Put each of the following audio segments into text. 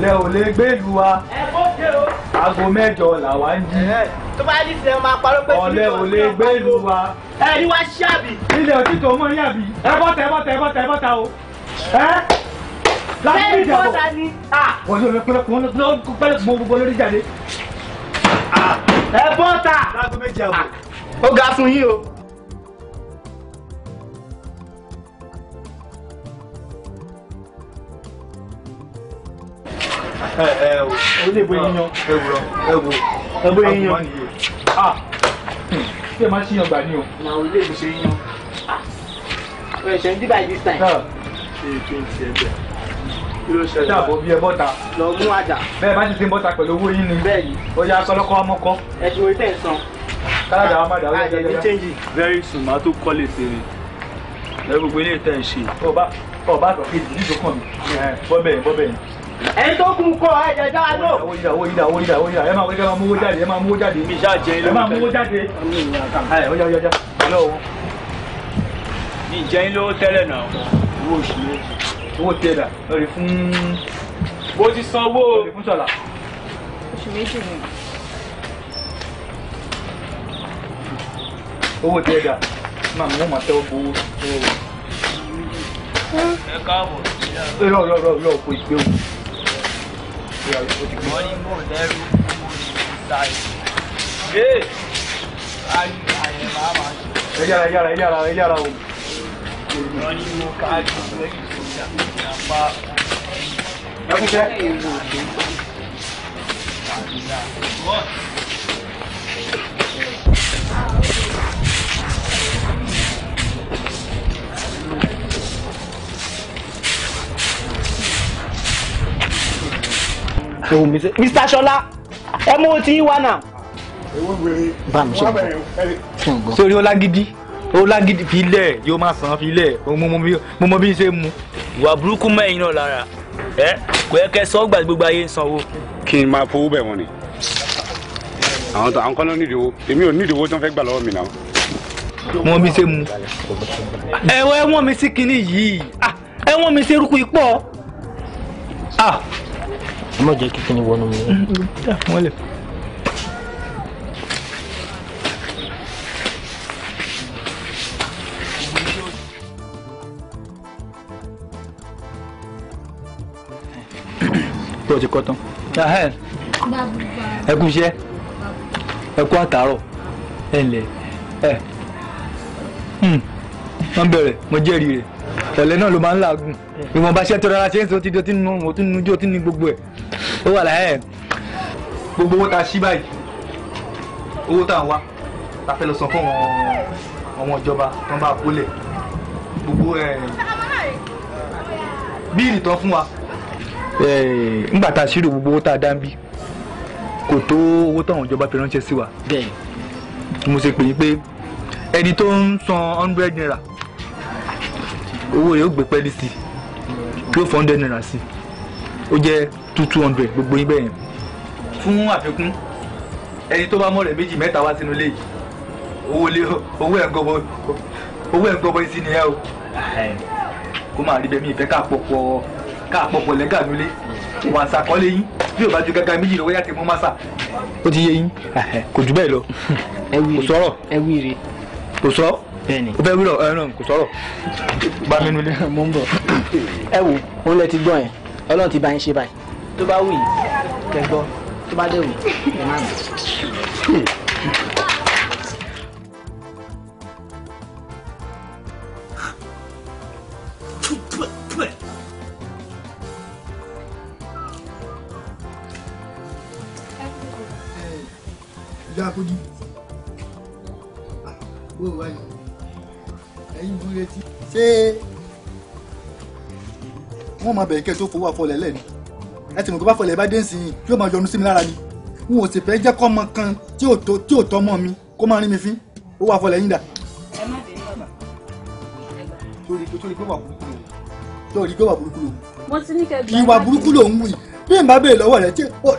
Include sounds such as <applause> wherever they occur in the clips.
lẹ ò lè gbé ìlú wa. ẹ kó dé o. aago mẹ́jọ là wá ń jí. tó bá yí sẹ́wọ́n máa parọ́ pé. ọ̀lẹ ò lè gbé ìlú wa. ẹ ní wá sí àbí. ilé òtítọ́ ọmọ yín àbí. ẹ bọ́ta ẹ bọ́ta ẹ bọ́ta ẹ bọ́ta o. ẹ láti bí ìjàpọ̀. wọ́n yóò lọ pẹ́lẹ́pẹ́ wọ́n lọ pẹ́lẹ́pẹ́ gbogbo lórí jáde. ẹ bọ́ta. láti bí ìjàpọ̀. ó ga fún yín o. olè bo yíyan ẹwùrọ ẹwù ẹbọ yíyan ah ṣé máa ṣíyan gbà ní o. na olè bó ṣe yíyan ẹ ṣe ń dí by this time. Ah! ṣé kí n ṣe ẹgbẹ kí ló ṣẹlẹ̀. dàbọ̀ bí ẹ bọ́ta. lọ mú àdá. bẹ́ẹ̀ bá ti ti ń bọ́ta pẹ̀lú owó yín ni. bẹ́ẹ̀ni. ó yá sọlọ́kọ́ ọmọkọ́. ẹ ti wo tẹ̀ ń san. káládà wa má dà ó yẹ jẹjẹrẹ. àjẹbí change. very soon màá tó kọ́lé tèrè ẹ gbogbo ilé tẹ̀ ń ṣe. ọba ọba àtọ̀kejì nídòókàn mi bọ́bẹ̀ yẹn bọ́bẹ̀ yẹn ẹni tó kún kọ ẹ̀jẹ̀ dáa owó yíra owó yíra owó yíra owó yíra ẹ máa wọlé kí máa mú owó jáde ẹ máa mú owó jáde. mi ṣáà jẹ ilé ẹ máa ẹ ọjà ọjà ọjà ọlọ o. ilé owó tẹ́lẹ̀ náà owó oṣù méjì. owó tiẹ̀ dà lórí fún. bó ti san owó. lórí fún sọ̀la. oṣù méjì ni. owó tiẹ̀ dà máa mú ọmọ tẹ́wọ́ gbowó. ẹ káàbọ̀. irọ́ irọ́ irọ́ kò ì Mora em Mordego, Ei! Ai, ai, é lá, mano. Ele era, ele aí ele era, ele era o. aí ewu mi sẹ Mr. Ṣọlá ẹ mú o ti wá náà. ewu wèrè bá mi ṣe gbọ́ sórí ọlágídí ọlágídí filẹ̀ yóò máa san filẹ̀ mo mọ bí n ṣe mu. ìwà burúkú mẹ́yìn náà lára ẹ kò yẹ kẹ́ sọ gbàgbé gbogbo ayé ń sanwó. kí n máa fowó bẹ̀ wọ́n ni àwọn tó àwọn kan ló nídìí owó èmi ò nídìí owó tó ń fẹ́ gbà lọ́wọ́ mi náà. wọ́n mi ṣe mu ẹ̀wọ̀n mi sí kinní yìí ah, ẹ̀wọ̀n mi ṣe rúkú ipò. Ah, ẹ má jẹ́ kíkí ni wọnú mi. mọ́lẹ̀. tó ti kọ́ tán. ẹ kú iṣẹ́ ẹ kú àtàárọ̀ ẹ ǹlẹ́ ẹ wọ́n bẹ̀rẹ̀ mo jẹ́rìí rẹ̀ ọ̀lẹ́ náà ló máa ń làágùn ìwọ̀nba iṣẹ́ tó rárá ṣe ń sọ ti di ọtí nínú ọtí nínú ojú ọtí ní gbogbo ẹ̀ ó wà láyẹ̀ gbogbo owó tá a ṣí báyìí owó tá à ń wá la fẹ́ lọ san fún àwọn ìjọba tó ń bá a kólẹ̀ gbogbo bíìlì tán fún wa ńgbà tá a ṣírò gbogbo owó tá a dá ń bí kò tó owó táwọn ìjọba fi ránṣẹ́ sí wa mo ṣe pè yín pé ẹni tó ń san hundred naira owó rẹ̀ ó gbé pẹ́ẹ́lí sí yóò four hundred naira sí ó jẹ́ two two hundred gbogbo yín bẹ́ẹ̀ yẹn. fún àfikún ẹni tó bá mọ̀ rẹ̀ méjì mẹ́ta wá sínú ilé yìí owó lé owó ẹ̀ gọbọ owó ẹ̀ gọbọ sí nìyẹn o kó máa rí bẹ́ẹ̀ mi ìfẹ́ ká pọ̀pọ̀ ká pọ̀pọ̀ lẹ́gà nílé wà sàkọ́lé yín bí ò bá ju gángan méjì lọ́wọ́ yá ti mú mọ́sà. ó ti yé yín kò jù bẹ́ẹ̀ lọ kò sọ̀rọ̀ kò sọ̀rọ̀ bẹ́ẹ̀ni. wúlọ ẹ náà kò sọ̀rọ̀ bá mi nulẹ̀ mo ń bọ̀. ẹ wo òun lẹ ti gbọ́ yẹn ọlọ́run ti bá yín ṣe báyìí tó bá wù yín kẹ́ tó bá dẹ̀ wù yín ẹ má bẹ̀. máa bẹ̀rẹ̀ kẹ́ tó fowó àfọlẹ̀ lẹ́ni ẹ ti mọ̀ bá fọlẹ̀ bá dé nsìnyí yóò máa yọnu sí mi lára ni n ò sì fẹ́ jẹ́ kọ́ ọmọ kan tí ò tọ́ mọ́ mi kó máa rín mi fín owó àfọlẹ̀ yín dà. ẹ má bẹ̀rẹ̀ bàbá. torí pé pé wà burúkú lòun. mo ti ní kẹgbẹ́ ìwà burúkú lòun wù bí n bá bèèrè lọ́wọ́ rẹ̀ tí ó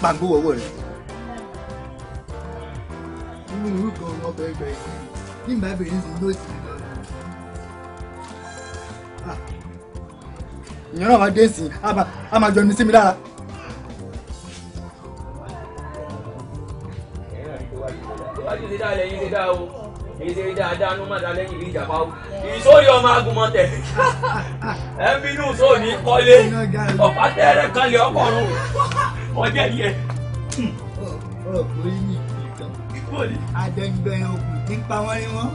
gbàgbó ọwọ́ rẹ̀. nínú ìlú kan ọmọ bẹ̀rẹ̀ bẹ̀rẹ̀ bí n bá bèèrè ní ìyẹn náà wá dé sí a máa jọ ní sí mi lára. èdè dáadáa ló máa da lẹ́yìn ìlú ìjàpá o ìsórí ọmọ agùnmọ̀ tẹ̀ <laughs> ẹ ń bínú sóòní kọ́lé ọ̀pá tẹ́rẹ̀ kan lè ọkọ̀ ọ̀run ọjọ́ yẹ. ọ̀rọ̀ kò rí ní ìpínlẹ̀ kan adẹ́gbẹ̀rún òkú nípa wọ́n rí wọ́n.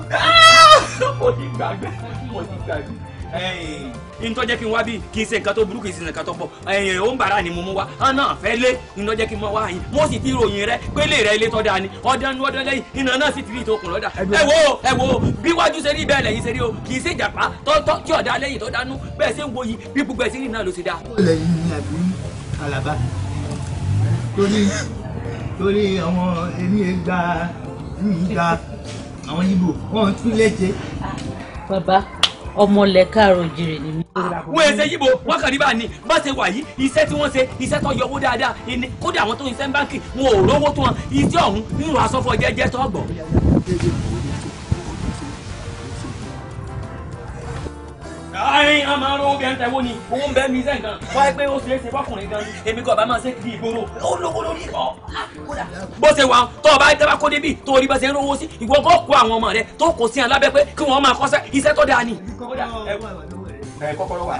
<laughs> mo ti gbàgbé mo ti gbàgbé n tó jẹ́ kí n wá bí kì í ṣe nǹkan tó burú kì í ṣe nǹkan tó pọ̀ ẹ̀yìn ó ń bàrà ni mo mú wá ọ̀nà fẹ́ lé n tó jẹ́ kí n mọ wá yín mo sì ti ròyìn rẹ pé lè rẹ ilé tọ́ da ni ọ̀dọ́ ní ọ̀dọ́ lẹ́yìn iná náà sì ti rí ìtòkùn lọ́dà ẹ wo ẹ wo bí wájú ṣe rí bẹ́ẹ̀ lẹ́yìn ṣe rí o kì í ṣe ìjàpá tọ́tọ́ tí ọ̀dà lẹ́yìn tó dánú bẹ́ẹ̀ ṣe ń wo yìí bí gbogbo ẹ̀sìn náà ló ṣe dá. lẹ́yìn ni àbí alaba torí torí àwọn ẹni ẹgbàá yìí ga àwọn ibo wọn tún léje. bàbá ọmọlẹ káàrọ̀ jèrè ni mí. wọ́n ẹsẹ̀ yíbo wọ́n kàn rí bá ní bá ṣe wà yìí iṣẹ́ tí wọ́n ṣe iṣẹ́ tó yọ owó dáadáa ìní kódà àwọn tó ń ṣe ń báńkì wọn ò rówó tó wọn iṣẹ́ ọ̀hún nínú àsọfọ jẹ́jẹ́ tó gbọ̀. ayin a máa rówó bí ẹn tẹ́wọ́ ni owó ń mi sẹ́ nǹkan wáyé pé ó ṣeé ṣe fọkùnrin gan èmi kò bá máa ṣe kí ìgboro ó lórí ọ. Ah, bó ṣe wà tó o bá dábàá kó débi tó o rí bá ṣe ń rówó sí ìwọ kó kó àwọn ọmọ rẹ tó kó sí ẹ pé kí wọ́n máa kọ́ṣẹ́ iṣẹ́ tó dáa ni ẹ kọ́kọ́rọ́ wà.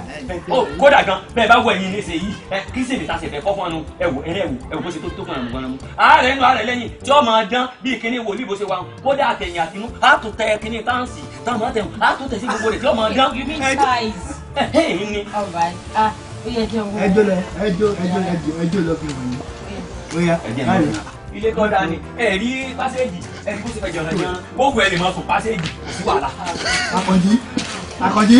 ó kódà gan bẹ́ẹ̀ bá wọ ẹ̀yin ní ṣe yìí ẹ kí sì ní ta sì fẹ́ kọ́ fún ọnu ẹ wò ẹrẹ wò ẹ wò bó ṣe tó tó fún ọnu gan-an mu. ààrẹ nù ààrẹ lẹ́yìn tí ó máa dán bíi kíní wòlíì bó ṣe wà kódà àtẹ̀yìn àtinú á tún tẹ kíní táǹsì táwọn àtẹ̀yìn á tún tẹ̀ sí gbogbo rẹ̀ tí ó máa dán. ẹjọ́ ah, lọ ẹjọ́ ẹjọ́ ẹjọ́ lọ fi wọ̀nyí. ó yá ilé tó dáa ni ẹ rí pásẹ́ẹ̀jì ẹ rí kóso fẹjọ náà gbogbo ẹ lè máa fò pásẹ́ẹ̀jì sí wàhálà. akọ̀jí akọ̀jí.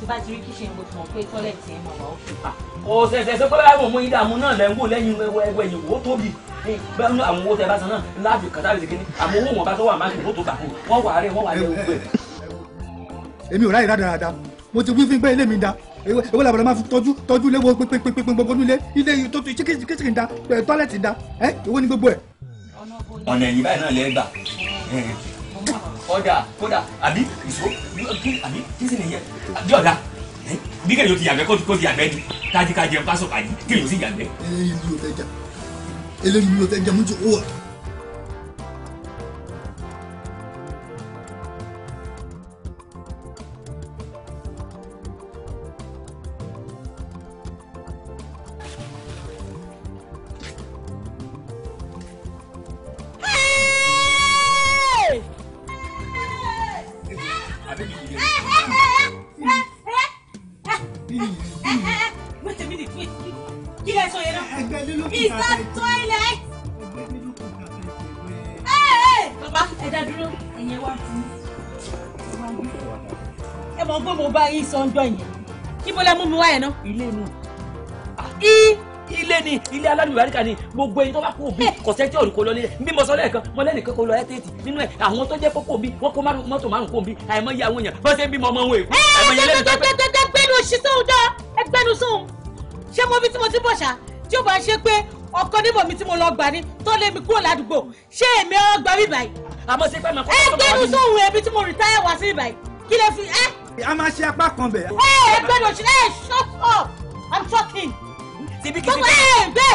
tí bá ti rí kíṣìn mo ti mọ̀ pé tọ́lẹ̀tì ẹ̀ mọ̀ wá ó fi pa. ọ̀sẹ̀sẹ̀ sọ pé báyìí mo mú yín dààmú náà lẹ́ ń wò lẹ́yìn ẹwẹ́ yìí wò ó tóbi bẹ́ẹ̀ àwọn owó tẹ bá san náà láàbì kàtà lè kíní àmọ́ owó wọn bá tó wà má kìí tó tàkù wọ́n wà á rẹ̀ wọ́n wà á lé gbogbo ẹ̀. èmi ò ráyè rádaràda mo ti wí fún pé ilé mi da ewé làbàdàn máa fi tọ́jú tọ́jú ilé wo pépépépé gbogbo nílé ilé tó ti kíkìkì da tọ́lẹ̀tì da ẹ ìwé ni gbogbo ẹ̀. ọ̀nà ẹ̀yìn báyìí náà lè gbà ọ̀dà kódà àbí ìṣó àbí kíṣì nìyẹn àbí ọ̀dà bí kẹ́lẹ́ yóò ti yàgbẹ́ kó ti yàgbẹ́ ni kájí kájí ẹ̀ ń pásọ̀ kájí kẹ́lẹ́ yóò sì yàgbẹ́. eléyìí mi ò fẹ́ jà eléyìí mi fẹ́ jà mo ti wọ̀ ilé ni ah, ilé ni ilé aládùn ìbáríkà ni gbogbo ẹni tó bá kó bí kọ̀sẹ́ tí òòlù kò lọ nílẹ̀ bí mo sọ lẹ́ẹ̀kan mo lẹ́nìkan kò lọ ẹ́ tètí nínú ẹ̀ àwọn tó jẹ́ kókó bí wọ́n kó mọ́tò márùn kó bí àìmọye àwọn èèyàn bọ́sẹ̀ bímọ ọmọ wọn èkó. ẹgbẹ́nu ṣiṣẹ́hùn dán ẹgbẹ́nu sóhun ṣé mo bí tí mo ti bọ̀ ṣá tí ó bá ṣe pé ọkọ níbọ̀ mi tí mo lọ gbà ní tó lé mi kúrò ládùúgbò ṣé èmi ọ gbà mí báyìí. àmọ́ ṣe pé màá kọ́ ọ́ a máa ṣe apá kan bẹ̀. ẹ ẹ gbẹdọ̀ ṣe ẹ shut up i'm talking. gbogbo ẹ gbẹ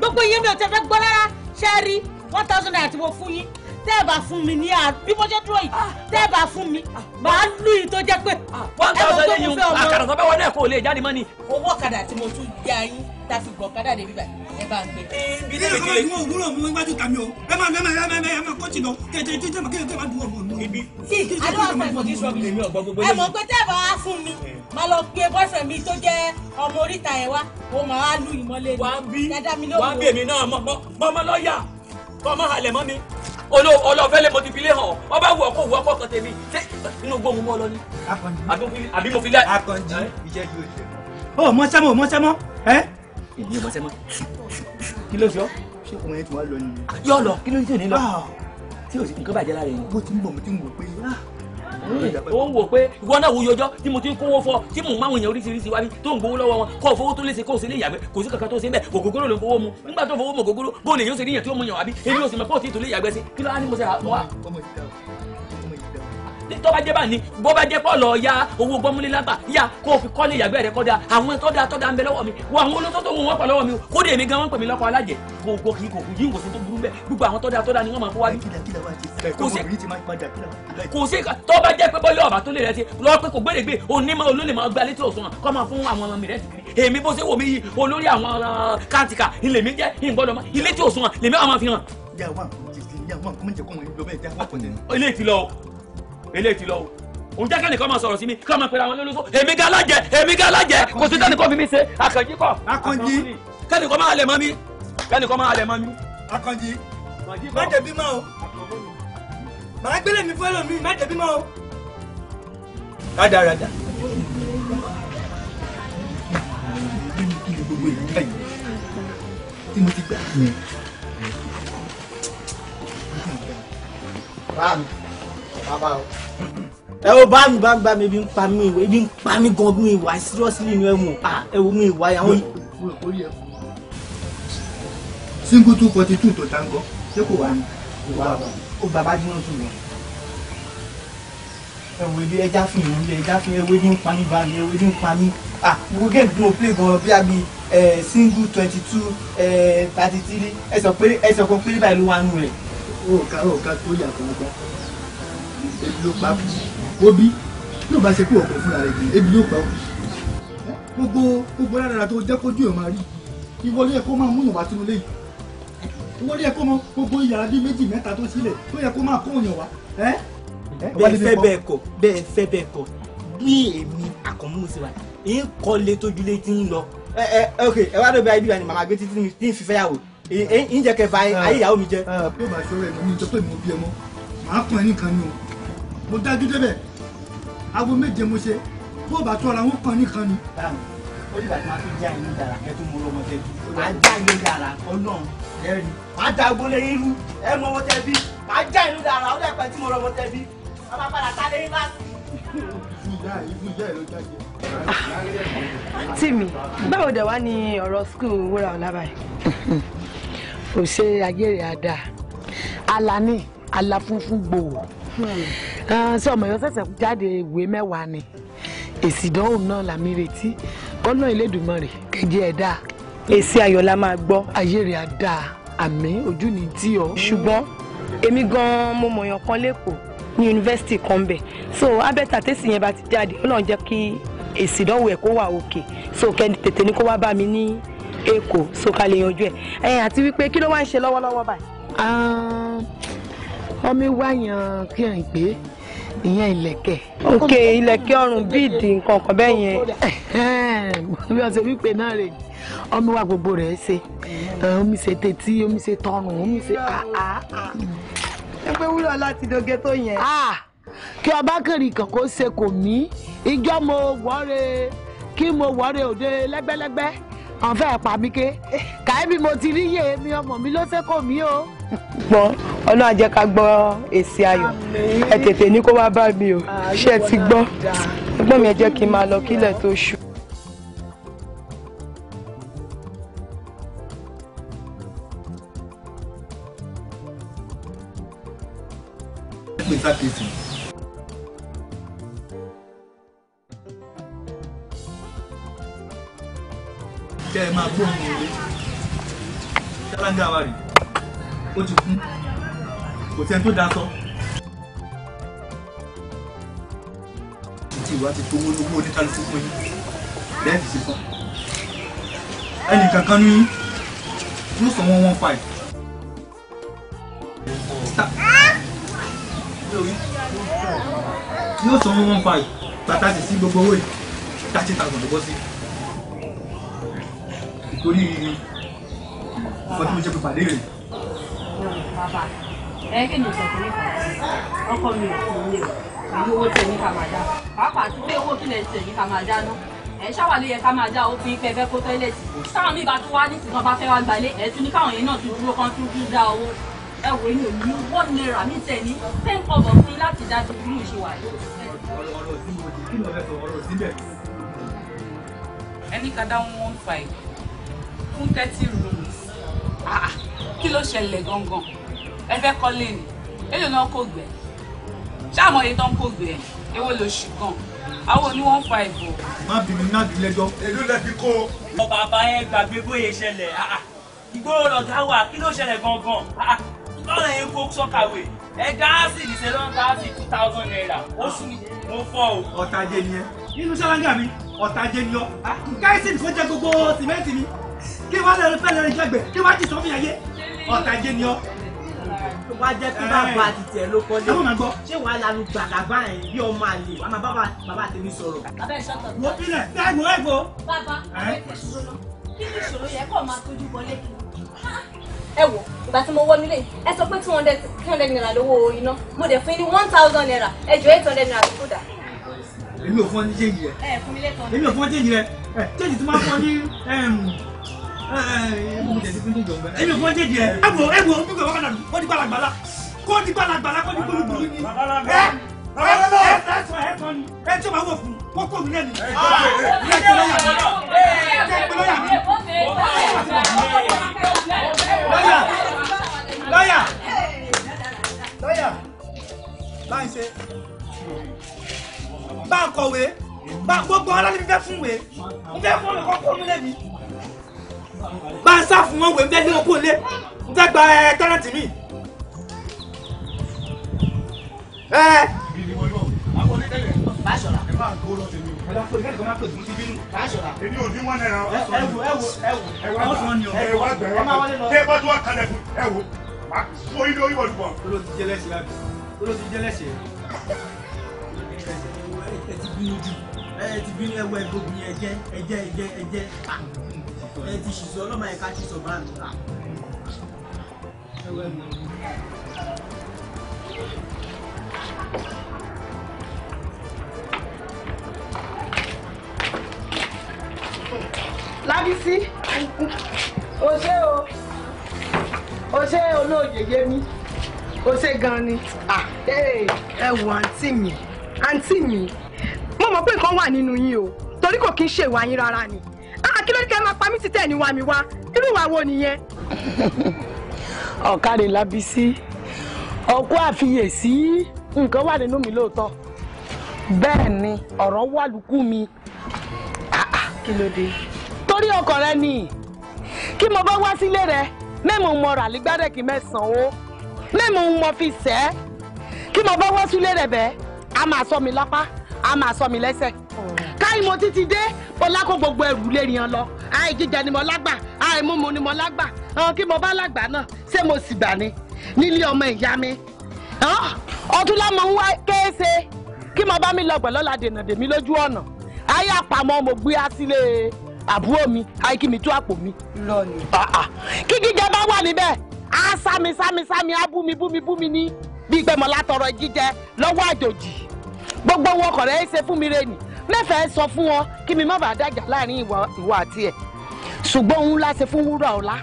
gbogbo yín mi ò tẹ fẹ́ gbọ́ rárá ṣe rí one thousand naira tí mo fún yín tẹ́ ẹ bá fún mi ní à bí mo ṣe dúró yìí ah. tẹ́ ẹ bá fún mi màá lù yìí tó jẹ́ pé. Ah, one thousand yìí àkàrà tó fẹ́ wọlé ẹ̀kọ́ ò lè jáde mọ́ ni. owó ọ̀kadà tí mo tún yá yín tá a fi gbọ̀ ọ̀kadà débi báyìí ẹ bá gbé. ilé ìkọ́ ìlú òwúrọ̀ mú iwájú tàmí o ẹ máa mẹ́mẹ́ ẹ máa ẹ máa kọ́ tì lọ kẹ̀kẹ́ ẹ mọ̀ pé tẹ́ ẹ fún mi eh. máa lọ gbé boyfriend mi tó jẹ́ ọmọ oríta ẹ̀ wá ó máa wá lu ìmọ̀lẹ́ ni. wàá bí wàá bí èmi náà mọ́mọ́ lọ́ọ̀yà kọ́ máa halẹ̀ mọ́ mi ọlọ́fẹ́lẹ́ mo ti fi lé hàn ọba wù ọkọ wù ọkọ kan tèmi ṣé inú gbóhùn mọ́ lọ ni. akọni àbí fi lé. akọni ìjẹ́jú òṣèlú. ó mọ sámọ mọ sámọ ẹ ìní ọmọ sẹ́mọ́. kí ló sọ ṣé ọmọ yẹn ti wá lọ ni. Ah, yọ lọ kí ló ń tẹ̀lé lọ ah. tí o sì nǹkan bàjẹ́ lára yẹn. bó ti ń bọ̀ mo ti ń wò pé ah. ó ń wò pé ìwọ náà wo yọjọ́ tí mo ti ń kówó fọ tí mò ń máwọn èèyàn oríṣiríṣi wá bí tó ń gbowó lọ́wọ́ wọn kọ́ fowó tó léṣe kó o ṣe lè yàgbẹ́ kò sí kankan tó ṣe ń bẹ̀ ògógóró ló ń fowó mu nígbà tó fowó mu ògógóró bó lè yóò ṣe níyàn tí ó mu yàn wá bí èmi ò sì mọ̀ pé òtí tó lè yàgbẹ́ sí kí ló á ní mo ṣe tó bá jẹ́ bá ní bó bá jẹ́ pọ̀ lọ ya owó gbọ́múlé ya kó o fi kọ́lé ìyàgbẹ́ rẹ kọ́dà àwọn tọ́da tọ́da ń bẹ lọ́wọ́ mi wo àwọn olótótó wọn pọ̀ lọ́wọ́ mi kó dé mi gan wọn pè mí lọ́kọ̀ alájẹ kó o gbọ́ kò yí ìwòsàn tó burú bẹ́ẹ̀ gbogbo àwọn tọ́da tọ́da ni wọ́n máa kó bí. kò sí tó bá jẹ́ pé bọ́yọ̀ ọ̀bà tó lè rẹ ti lọ pé kò gbèrègbè eléyìí ti lọ o òun jẹ́ kẹ́nìkan máa sọ̀rọ̀ sí mi kí wọ́n máa pera wọn lólóso èmi ga alájẹ èmi ga alájẹ kò sí kẹ́nìkan fi mi ṣe àkànjí kọ́ àkànjí kẹ́nìkan máa lẹ̀ mọ́ mi kẹ́nìkan máa lẹ̀ mọ́ mi. àkànjí má jẹ̀bi mọ́ o màá gbélé mi fún ẹlòmíì má jẹ̀bi mọ́ o. rádaràdà. gbogbo ìgbà yìí tí mo ti gbà. báàmì ẹ wo bá mi bá mi bá mi ebi ń pa mi ebi ń pa mi gan mi ìwà seriously ni ẹ mọ ẹ wo mi ìwà yà wọ́n. single two forty two tó tango ṣé kò wá ní ìwà ó bàbá dín náà tún lọ ẹwọ ebi ẹja fi ìwọ ilé ẹja fi ẹwọ ebi ń pa mí ba mi ẹwọ ebi ń pa mí ah wo game tí mo play gan bí a bi single twenty two thirty three ẹ sọ pé ẹ sọ pé pé báyìí ló wà nù rẹ. o ò ká o ò ká tó yà kó o gbà ebi ló pa obi ní ò bá ṣe pé ọkọ fúnra rẹ gbìn ebi ló pa kù gbogbo gbogbo rárá tó jẹ́ kójú ẹ̀ máa rí ìwọlé ẹ̀kọ́ máa múyàn wá sínú léyìí ìwọlé ẹ̀kọ́ mọ gbogbo yàrá bíi méjì mẹ́ta tó sílẹ̀ tó yẹ kó máa kó òyàn wá ẹ́ bẹ́ẹ̀ fẹ́ bẹ́ẹ̀ kọ́ bẹ́ẹ̀ fẹ́ bẹ́ẹ̀ kọ́ bí èmi àkànmú sí wa èyí kọ́ lé tójú lé tí ń lọ ẹ ẹ ok ẹ wá dọ̀bẹ̀ ayélujára ni màmá gbé títí mi tí ń fi fẹ́yàwó èyí ń jẹ́ kẹfà ayé ah. ìyàwó ah, bí o bá ṣọwọ́ ẹ̀ mọ́ mi jọ pé mo bí ẹ mọ́ màá pọ̀ ẹ́ nìkan ni mo dájú débẹ̀ aago méje mo ṣe bó o bá tó ọ̀la wọn kàn nìkan ni. ó dìgbà tí màá fi já inú dára ẹ tún mú lọ́mọ bí màá já inú dára ọlọ́run lẹ́rìí màá da agbolé irú ẹ mọ ọmọ bí màá já inú dára ó dẹ̀ tí mo rọmọ tẹ́ bí Tìmí, báwo dẹ̀ wá ní ọ̀rọ̀ skul wúra ọ̀la báyìí? Òṣèré Agéèrè Adá, Alani, Aláfúnfún gbòò. Hmm ṣé ah, ọmọ yọ ṣẹ̀ṣẹ̀ jáde ìwé mẹ́wàá ni èsì ìdánwò náà là mí retí kọ́nà Elédùmarè kẹjẹ ẹ̀ dáa. èsì ayọ̀ la máa gbọ́. ayé rẹ̀ á dáa àmì ojú ni tí o. ṣùgbọ́n èmi gan-an mo mọ̀yàn kan lẹ́kọ̀ọ́ ní yunifásitì kan ń bẹ̀ so abẹ́ta tẹ́sí yẹn bá ti jáde ó náà jẹ́ kí èsì ìdánwò ẹ̀ kó wà òkè so kẹ́ni tètè ni kó wá bá mi ní èkó so ká lè yanjú ẹ̀ àti wípé kí ló wá ń ṣe lọ́wọ́lọ́wọ́ báyìí. Ah, ọmọ wa yan kí n gbé ìyẹn ìlẹ̀kẹ̀. ok ìlẹ̀kẹ̀ ọrùn bíìdì nǹkan kan bẹ́ẹ̀ yẹn. bí wọ́n ṣe wípé náà rè ọmọ wa gbogbo rẹ̀ ṣe omi ṣe tètí omi ṣe tọrùn omi ṣe ẹ pé wúlò láti doge tó yẹn. kí ọba kiri kan kó ṣe kò mí ìjọ mo wọ́re kí mo wọ́re òde lẹ́gbẹ́lẹ́gbẹ́ àwọn fẹ́ẹ̀ pa mí ké <laughs> kàí bí mo ti rí yèé mi ọmọ mi ló ṣe kò mí o gbọ́n ọlọ́run á jẹ́ ká gbọ́ èsì ayọ̀ ẹ tètè ní kó wá bá mi o ṣé ẹ ti gbọ́ ẹgbọ́n mi ẹ jẹ́ kí n máa lọ kílẹ̀ tó ṣú. sákèsì. kẹ́ ẹ máa gbóhùn ìwé ṣáláńgá wa rèé ó ti kún kò sẹ́ni tó daṣọ. títí ìwà ti tó owó lówó oníkálukú fún yín lẹ́ẹ̀kì sí fún ẹnì kankan ní yóò sọ one one five. yóò sọ one one five bàtà sì sí gbogbo owó yìí thirty thousand ló bọ́ sí. ìkórìírí ọdún mo rẹ̀ bàbá ẹ kí ni ìṣẹ̀kí nípa ọkọ mi ò fún mi o pẹ̀lú owó tẹ̀ ní ká máa dá pàápàá àti pé owó kílẹ̀ tẹ̀ ní ká máa dá ná ẹ̀ ṣáwà ló yẹ ká máa dá òfin pẹ́ fẹ́ kó tọ́ílẹ̀tì táwọn míì bá tún wá nísìnyí kan bá fẹ́ wá gbalé ẹ̀ tún ní káwọn yẹn náà tún dúró kan tún tún dá owó ẹ wò ní òní one naira mi tẹ̀ ní ten kọ́bọ̀ fún yín láti dá ju bí mo ṣe wà yìí. ẹni ká dá one five fún thirty rooms. Ah, ah kí ló ṣẹlẹ̀ gangan ẹ fẹ́ kọ́lé ni èlò náà kò gbẹ ṣáàmọ iye tó ń kò gbẹ èwo ló ṣù gan àwọn oní one five o. má bìnrin náà di lẹ́jọ́. èlò lẹ fi kó. ọmọ bàbá yẹn gbàgbé bóyá ṣẹlẹ̀ ìgbóró ah, ah. lọ́gá wà kí ló ṣẹlẹ̀ gangan báwo ah, yẹn kó sọ́kàwé ẹ gáàsì ní sẹ́lọ́n gáàsì two thousand naira oṣù mo fọ́ o. ọ̀tàjẹ́ ni ẹ nínú ṣáláńgà mi ọ̀tàjẹ́ ni ọ káyọ̀sì nìkan jẹ gbogbo sìmẹ́ǹtì mi kí wọ́n lè fẹ́ lè jẹgbẹ́ kí wọ́n ti sọ fún yàyé ọ̀tàjé ni ọ́ wá jẹ́ pé bàbá àti tiẹ̀ ló kọ́ lé ṣé wàá lanu gbàgàbà yẹn bí ọmọ àlè wàá máa bàbá bàbá tèmi sọ̀rọ̀. bàbá ẹ̀ sọ́tọ̀ bí. wo ilẹ̀ dáàbò ẹ̀gbọ́. bàbá àwọn ẹ̀kọ́ ìṣòro kí ni ìṣòro yẹ kó máa tójú bọlé kí ẹ wò ìgbà tí mo wọ nílé ẹ sọ pé two hundred three hundred naira lówó iná mo dẹ̀ fún yín ní one thousand naira ẹ jọ eight hundred naira tó dà. èmi ò fún ọ ní change rẹ èmi ò fún ọ ní change rẹ change tí máa fún ọ ní ẹni kò jẹ jẹ ẹ wò ẹ wò ó dúpẹ́ wákàtà kó di gbalagbala kó di gbalagbala kó di gbólúgbòlú ni ẹ ẹ ẹ ẹ ẹ tí o máa wò fún kó kó mi lẹ́nu ẹ gbẹ lọ́yà mi ẹ gbẹ lọ́yà mi lọ́yà lọ́yà lọ́yà báyìí ṣe bá a kọ̀wé bá gbogbo ọlọ́ni fẹ́ fún wèé n fẹ́ fún mi kó kó mi lẹ́nu bá ń sá fún wọn wèé ń fẹ́ lé wọn kó lé ń fẹ́ gba eh, eh. ẹ tẹ́lẹ̀tì mi. ẹ. ẹ ti bínú jù ẹ ti bínú ẹwọ ẹgbẹ obìnrin ẹjẹ ẹjẹ ẹjẹ ẹjẹ ẹ ti ṣìṣọ ọlọ́mọ ẹ̀ka ti lábísí o ṣé o o ṣé mi o ṣé gan ni ẹ wò àǹtí mi àǹtí mi mo mọ̀ pé nǹkan wà nínú yín o torí kò kí ń ṣèwà yín rárá ni kí ló ní kẹ́ máa pa mí títẹ̀ ní wa mi wá irú ìwà wo nìyẹn. ọ̀kadì Lábísí ọkọ àfiyèsí nǹkan wà nínú mi lóòótọ́ bẹ́ẹ̀ ni ọ̀rọ̀ wà lùkù mi. Ah, ah. kí ló dé. torí ọkọ rẹ ni kí mo bá wá sílé rẹ mẹ́mu mọ rà lẹ́gbàdẹ́kì mẹ́sàn-án mẹ́mu mọ fi sẹ́ kí mo bá wá sílé rẹ bẹ́ẹ̀ a máa sọ mi lápá a máa sọ mi lẹ́sẹ̀ ni mo ti ti dé ọlá kó gbogbo ẹrù lè rìn lọ àì jíjẹ ni mo lágbà àì mímu ni mo lágbà àwọn kí mo bá lágbà náà ṣé mo sì gbà ni nílé ọmọ ìyá mi ọtún lọmọ ń wá kéése kí mo bá mi lọ gbẹ lọ́la dènà dèmí lójú ọ̀nà ayé àpamọ́ mo gbé á sílé àbúrò mi àì kí mi tú àpò mi. kí jíjẹ bá wà níbẹ̀ á sámi sámi sámi á bú mi bú mi bú mi ní bí ìgbẹ́mọ̀ látọrọ jíjẹ lọ́wọ́ àjòjì gbogbo wọn kọ̀rẹ́ ẹ ṣe fún mi rẹ̀ nìí mẹ́fẹ̀ẹ́ sọ fún wọn kí mi má bàa dájà láàrin ìwọ àti ẹ̀ ṣùgbọ́n òun láṣẹ fún wúrà ọ̀la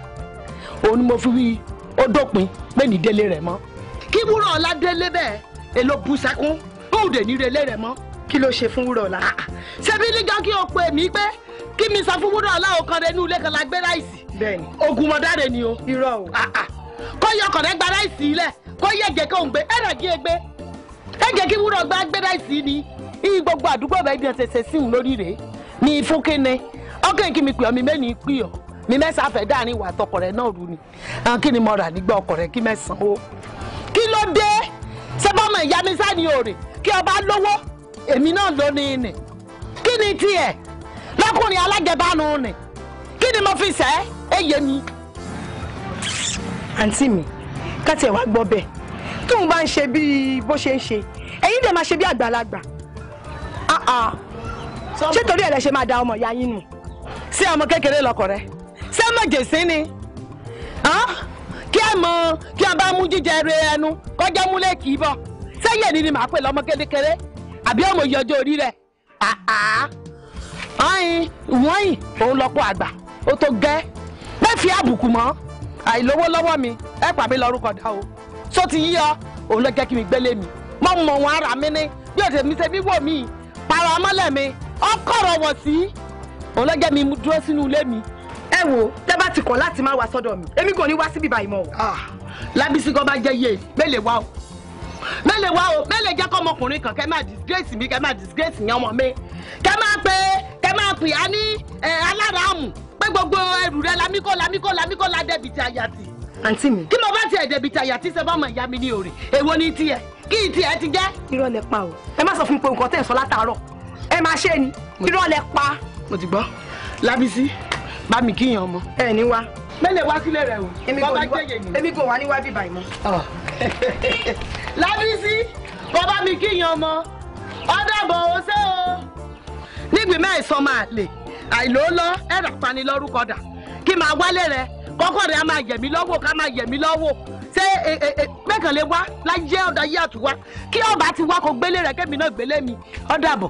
òun ni mo fi wí ó dópin pé ní délé rẹ̀ mọ́ kí wúrà ọ̀la délé bẹ́ẹ̀ èlò bu sẹ́kún ó dè ní relé rẹ̀ mọ́ kí ló ṣe fún wúrà ọ̀la ah, ah. ṣebí nígbà kí o pè mí pé kí mi sọ fún wúrà ọ̀la ọ̀kan rẹ̀ ní ilé kan la gbé ráìsì bẹ́ẹ̀ni ogun mọ̀dáre ni o irọ́ o ah, kó yẹ ọkàn rẹ̀ gba ráìsì ilẹ̀ kó yẹ ẹ̀jẹ̀ kí e gbé ẹ̀jẹ̀ kí wúrà ọ̀gbá gbé ni iye gbogbo àdúgbò bẹ́ẹ̀ bí ẹ ṣẹṣẹ sí òun lórí rèé ní fúnkẹ́ni ọkàn kí mi pè ọ́ mi mẹ́ni pè ọ́ mi mẹ́sà fẹ́ dáàrin ìwà àtọkọ rẹ náà rú ni kí ni mo rà nígbà ọkọ rẹ kí mẹ́sàn o kí ló dé sẹ́bọ̀mọ̀ ìyá mi sáà ní òòrè kí ọba lówó èmi náà ló ní nì kí ni tiẹ̀ lọ́kùnrin alájẹbánu nì kí ni mo fi sẹ́ ẹ yé mi. àǹtí mi ká tiẹ̀ wá gbọ́ bẹ́ẹ̀ tóun bá ń ṣe bí bó ṣe ń ṣe ẹ̀yin dẹ̀ máa ṣe bí àgbàlagbà Ah, ah. ṣé torí ẹ̀ lẹ ṣe máa da ọmọ ìyá yín nù sí ọmọ kékeré lọkọ rẹ ṣé ọmọ jèsí ni kí ẹ mọ kí ẹ mú jíjẹ rẹ ẹnu kọjá múlẹ̀ kì í bọ̀ sẹ́yìn ni ni màá pè lọ́mọ kékeré àbí ọmọ ìyọjọ orí rẹ ah, ọyìn wọ́nyìn òun lọ́pọ̀ àgbà ó tó gẹ́ pé fi àbùkù mọ́ àìlówó lọ́wọ́ mi ẹ pàmí lọ́rùkọ̀ dá o tó ti yí ọ òun lọ jẹ́ kí mi gbélé mi mọ́ mọ́ wọn ara mi ní bí òtẹ̀ mi ṣe bí wò mí Para ọmọlẹ̀ mi ọkọ̀rọ̀ wọ̀ sí ọlọ́jẹ́ mi dúró sínú ilé mi. ẹ wo tẹ́ bá ti kọ̀ láti má wá sọ́dọ̀ mi èmi kò ní wá síbí báyìí mọ́ o. Ah. lábísí kan bá jẹ́ yé mélèé wá o mélèé wá o mélèé jẹ́ kọ́ ọmọkùnrin kan kẹ́ máa disgrace mi kẹ́ máa disgrace yẹn ọmọ mi kẹ́ máa pé kẹ́ máa pè á ní alára àmù pé gbogbo ẹrù rẹ lamíkó lamíkó lamíkó ladẹ́bìtì àyàtì àǹtí mi. kí ló bá tiẹ̀ débi tàyà tí sẹ́fà mọ̀ ìyá mi ní òrè èwo ni tiẹ̀ kí n tiẹ̀ ti jẹ́. irọ́ lẹ pa o ẹ má sọ fún mi pé nǹkan tẹ̀ ń sọ látàárọ̀ ẹ máa ṣe ni irọ́ lẹ pa. mo ti gbọ́ lábísí bá mi kíyàn ọmọ. ẹ ní wá. mẹ́lẹ̀ wá sílẹ̀ rẹ o. èmi kò wá níwá bíbá ìmọ̀. lábísí bàbá mi kíyàn ọmọ ọ̀dàbọ̀ o ṣé o. nígbìmọ̀ ìsọmọ àlè àìlóòlọ́ ẹ̀rọ panilọ́rúkọ kọ́kọ́rẹ́ a máa yẹ̀ mí lọ́wọ́ ká máa yẹ̀ mí lọ́wọ́ ṣé mẹ́kànlé wá láyé ọ̀dọ̀ ayé àtúwá kí ọba ti wá kó gbélé rẹ̀ kẹ́mi náà gbélé mi ó dàbọ̀.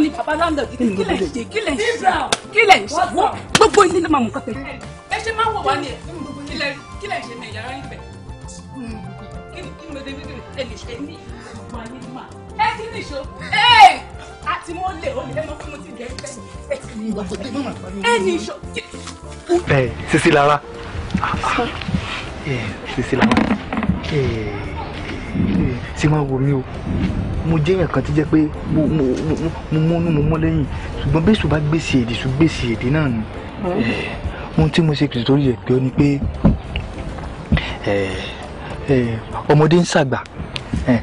ni bàbá láńdọ̀ gidi kílẹ̀ ń ṣe kílẹ̀ ń ṣe kílẹ̀ ń ṣe wọ́n gbogbo ilé ló máa mú kọ́tẹ́. ẹ ṣe máa ń wò wá ní ẹ kílẹ̀ ń ṣe ní ìyàrá yín bẹ̀ kí ni mo débi kí ẹ lè ṣe ní ìgbà yín mà ẹ kí ni ìṣó ẹ àti mo lè ó lè mọ fún mi ti jẹ ẹ ẹ ní ìṣó. ẹ sisi lara sisi lara tí wọ́n wò mí o mo jẹ́ èèyàn kan tí jẹ́ pé mo múnú mo mọ́ lẹ́yìn ṣùgbọ́n bẹ́sù bá gbèsè èdè ṣù gbèsè èdè náà ni eh, ohun tí mo ṣe kìlì torí ẹ̀ pé ó ní pé eh, eh, ọmọdé ń ṣàgbà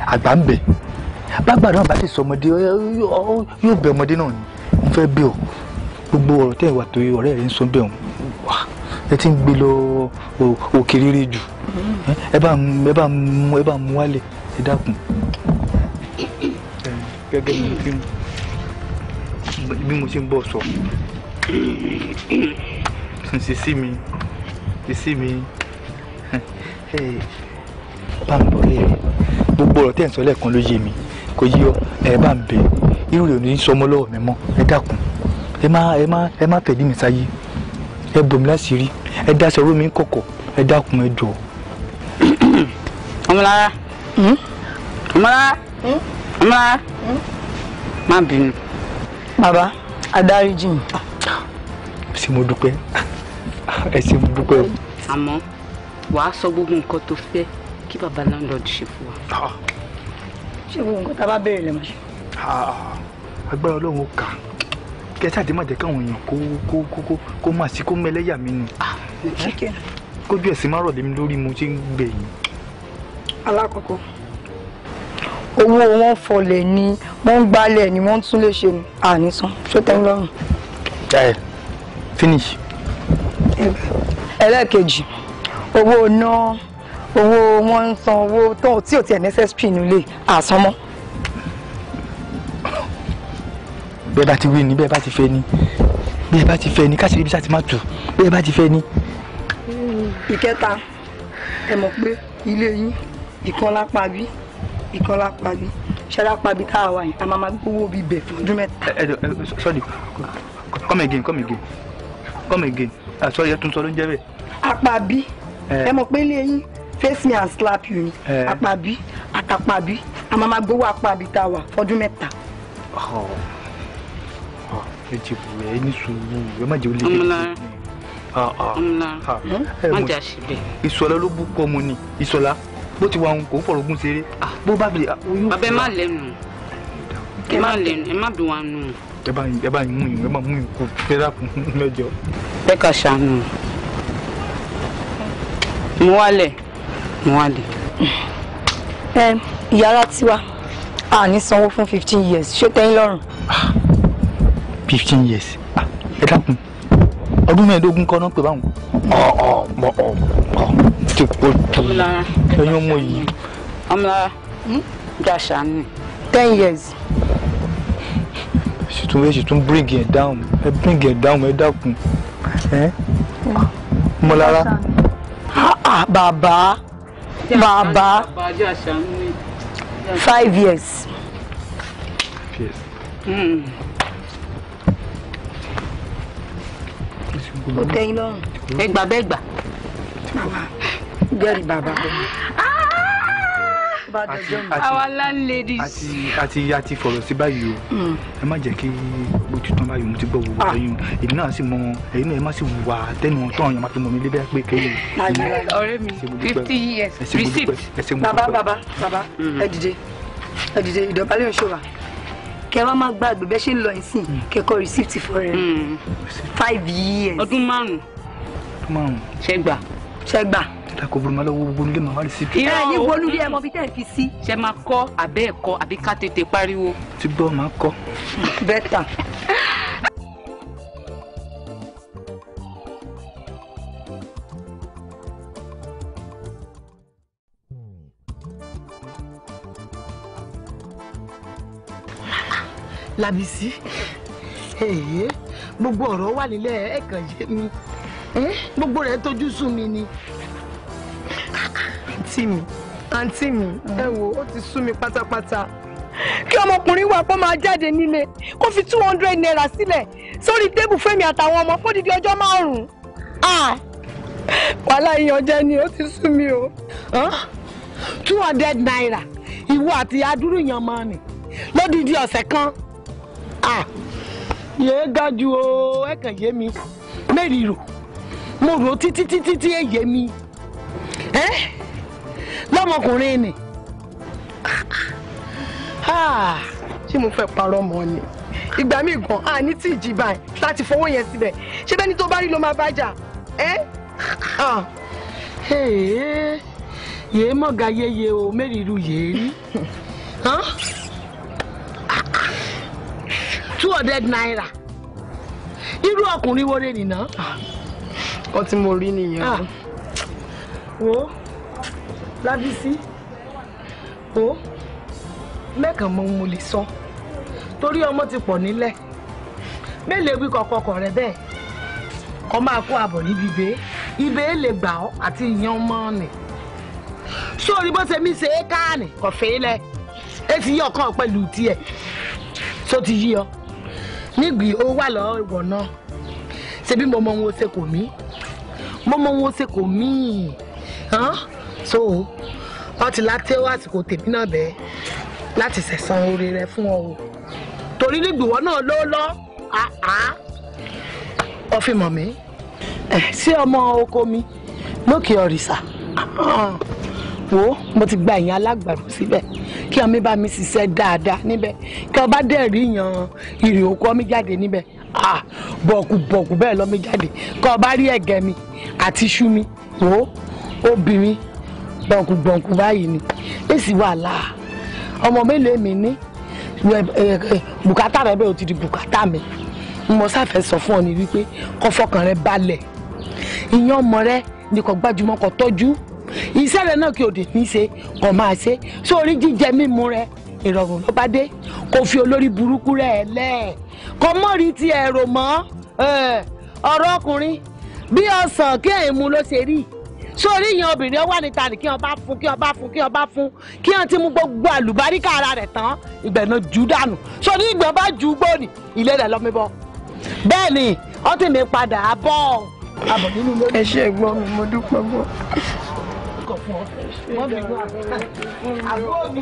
àgbà ń bẹ̀ bàgbà náà bá ti sọ ọmọdé yóò bẹ ọmọdé náà ni mo fẹ́ bẹ̀ ọ́ gbogbo ọ̀rọ̀ tẹ̀ wà tó ọ̀rẹ́ rẹ̀ ń sọ bẹ̀ wọ́n ẹ ti ń gbé lọ òkè rere jù ẹ bá ń mú wálé ẹ dákun gẹ́gẹ́ bí mo ti bí mo ti ń bọ̀ sọ sisi mi sisi mi bá ń bọ̀ lé gbogbo ọ̀rọ̀ tẹ̀ ń sọ lẹ́ẹ̀kan ló yé mi kò yí ọ ẹ bá ń bẹ irú rẹ̀ ò ní sọmọ lọ́wọ́ mi mọ́ ẹ dákun ẹ má ẹ má ẹ má tẹ̀lé mi sáyé ẹ bò mí láṣìírí ẹ dáṣọ orí mi kọ̀kọ̀ ẹ dákun ẹ jọ. ọmọlára. Mọ́lá. Mọ́lá. Má bínú. Bàbá, adáríjì mi. Ṣé mo dúpẹ́? Ẹ ṣé mo dúpẹ́ o. Àmọ́ wàá sọ gbogbo nǹkan tó fẹ́ kí bàbá landlord ṣe fún wa. Ah. Ṣé gbogbo nǹkan tá a bá béèrè lè máa ṣe? Ah, agbára Ọlọ́run ó kà á kẹsà tí má jẹ káwọn èèyàn kó kó kó kó kó má sí kó mẹlẹ́yà mi nù. Ah, kójú ẹ̀sìn má rọ̀ lé mi lórí mo ṣe ń gbẹ̀yìn alákọ̀ọ́kọ́ owó wọn fọlẹ̀ ni wọ́n ń gbálẹ̀ ni wọ́n ń tún lè ṣe ni ṣó tẹ́ ń lọ́rùn. ẹ finish. ẹlẹ́ẹ̀kejì owó ná owó wọn ń san owó tó tí ò tiẹ̀ necessary nílé àsanmọ́. bẹ́ẹ̀ bá ti wí ni bẹ́ẹ̀ bá ti fẹ́ ni bẹ́ẹ̀ bá ti fẹ́ ni káṣírí bí sáà ti má tù bẹ́ẹ̀ bá ti fẹ́ ni. ìkẹta ẹ mọ̀ pé ilé yín ìkan lápá bí ìkan lápá bí ṣẹlá pàbí tá a wà yìí a máa ma gbowó bíi bẹ̀ fún ọdún mẹ́ta. ẹ ẹ sorry come again come again come again ah, sorry ẹ tún sọ ló ń jẹ́ bẹ́ẹ̀. àpàbí ẹ mọ̀ pé ilé yín face me and slap you ni àpàbí àtàpàbí a máa ma gbowó àpàbí tá a wà fọdún mẹ́ta. Oh. Oh, ẹ jẹ bu ẹ ní sùúrù ẹ má jẹ olè. ọmọlára ah, ah. ọmọlára má jà síbẹ̀. ìsọlá ló bú pọ̀ mu ni ìsọlá bó ti wà òun kò ń fọ̀rọ̀ ogun ṣeré bó bá bèrè yóò. bàbá ẹ má lẹnu ẹ má lẹnu ẹ má bí wa nù. ẹ bá ẹ bá mú yín ẹ bá mú yín kú fẹ́rẹ́ kún mẹ́jọ. ẹ kà <laughs> ṣàánú mo wálẹ̀ mo wálẹ̀. ẹ ìyára tiwa a ní sanwó fún fifteen years ṣé tẹ́yìn lọ́rùn. Ah, fifteen years ah, ẹ dákun ọdún mẹ́ẹ̀ẹ́dógún kọ́ náà pè báwọn. ọ̀ ọ̀ ọ̀ ọ̀ ti pọ̀ jù ẹ̀yin ọmọ yìí. ọmọlára hmm? jàṣà ni. ten years. she tún she tún bring her down ẹ bring her down ẹ dákun ọmọlára. Ah, ah, bàbá bàbá five years. Mm. kò tẹ́yìn lọ́rùn ẹgbàá jẹ́rìí bàbá ah! our landladies. Ati, ati, ati, fọ̀rọ̀ sí báyìí o hmm. ẹ má jẹ́ kí mo ti tán báyìí mo ti gbọ́ gbogbo ah. ẹ̀yin èyí náà sì mọ ẹ̀yin náà ẹ má sì wà tẹ́nu wọn tán ọ̀yàn má fi mọ mi lébẹ́ pé kéyìn. ọ̀rẹ́ mi fifty years receipt. Baba, Baba, Baba. ẹ dìde ẹ dìde ìdọ̀bálẹ̀ òṣòwà kẹ wá má gbàgbé bẹ́ẹ̀ ṣe ń lọ ìsìn hmm. kẹkọ receipt for rẹ hmm. five years. ọdún márùn-ún. ọdún márùn-ún. ṣẹgbà. ṣẹgbà dako burúkú lọ wo wọlé màmá rẹ síbi. ìrẹ́ ní wọlúlé ẹ mọ bí tẹ́ ẹ fi sí. ṣe máa kọ́ àbẹ́ ẹ̀kọ́ àbí ká tètè pariwo. ti gbọ́ máa kọ́. bẹ́ẹ̀ tà. Lábísí èyí gbogbo ọ̀rọ̀ wà nílẹ̀ ẹ̀kan yé mi gbogbo rẹ̀ tójú sú mi ni àǹtí mi àǹtí mi ẹ wo ó ti sú mi pátápátá kí ọmọkùnrin wà kó máa jáde nílé kó fi two hundred naira sílẹ̀ sórí tébù fẹ́mi àtàwọn ọmọ fódìdí ọjọ́ márùn-ún wàhálà ìyànjẹ ni ó ti sú mi o. two hundred naira ìwọ àti adúrú yan máa nì lódìdí ọ̀sẹ̀ kan yéé ga ju o ẹ kàn yé mi mẹ́rin rò mo rò títí títí tí mi. Eh? lọ́mọkùnrin ni ah. ṣé mo fẹ́ parọ́ mọ́ ni ìgbà míì gan a ní tí ìjì báyìí láti fọwọ́ yẹn síbẹ̀ ṣé bẹ́ni tó bá rí ló máa bá jà ẹ́ ah. yéé mọ̀gá yéye o mẹ́rìírú yéé rí two hundred naira irú ọkùnrin wo lè nìna. wọ́n ti mo rí nìyẹn. Ah. wo lábísí o mẹ́kàn mo mo lè sọ torí ọmọ ti pọ̀ nílẹ̀ mélòó wí kọ̀kọ̀kọ̀ rẹ bẹ́ẹ̀ ọ máa kó àbọ̀ níbi ibẹ̀ ibẹ̀ lè gbà ọ́ àti ìyan ọmọ nì sórí bó ṣe mí ṣe é káàní kò fẹ́ lẹ̀ ẹ ti yí ọkàn pẹ̀lú tiẹ̀ tó ti yí ọ nígbì ó wà lọ́wọ́ ìwọ̀ náà ṣebí mo mọ ohun ó ṣe kò mí mo mọ ohun ó ṣe kò mí hàn so wọ́n ti láti ẹwà àsìkò tèmi náà bẹ́ẹ̀ láti sẹ̀san oore rẹ fún ọ o torí nígbìwọ́ náà ló lọ́ ọ̀fìmọ̀ mi sí ọmọ oko mi lókè ọ̀rìṣà wo mo ti gba ẹ̀yìn alágbàro síbẹ̀ kí ọmọ bá mi ṣiṣẹ́ dáadáa níbẹ̀ kí ọba dẹ̀ rí yan ìrì òkú ọmọ jáde níbẹ̀ bọ̀kùbọ̀kù bẹ́ẹ̀ lọ́mọ jáde kí ọba rí ẹ̀gẹ́ mi àti iṣu mi wo obìnrin gbọ̀ǹkùgbọ̀ǹkù báyìí ni èsì wà láà ọmọ mélòó èmi ní bùkátà rẹ bẹ́ẹ̀ ó ti di bùkátà mi mo sáfẹ́ sọ fún ọ ní wípé kó fọkàn rẹ balẹ̀ ìyẹn ọmọ rẹ ni kò gbájúmọ́ kò tọ́jú iṣẹ́ rẹ náà kí o dè ní ṣe kò máa ṣe sórí jíjẹ mímu rẹ ìrọ̀rùn ló bá dé kò fi olórí burúkú rẹ lẹ̀ kò mọ̀rí ti ẹ̀rọ mọ́ ọ̀rọ̀ ọkùnrin bí ọ̀sán kí èèmù ló ṣe rí sórí yan obìnrin ọwọ́ níta ni kí wọn bá fún kí wọn bá fún kí wọn bá fún kí wọn ti mú gbogbo àlùbáríkà ara rẹ̀ tán ìgbẹ̀nà jù dànù sórí ìgbọ̀n bá jù gbòòní ilé rẹ̀ lọ́mí bọ́ bẹ́ẹ̀ ni wọ́n ti mi padà abọ́ abọ̀ nínú lórí. ẹ ṣe gbọ́ mi mo dúpẹ́ gbọ́. wọ́n mi àbọ̀ mi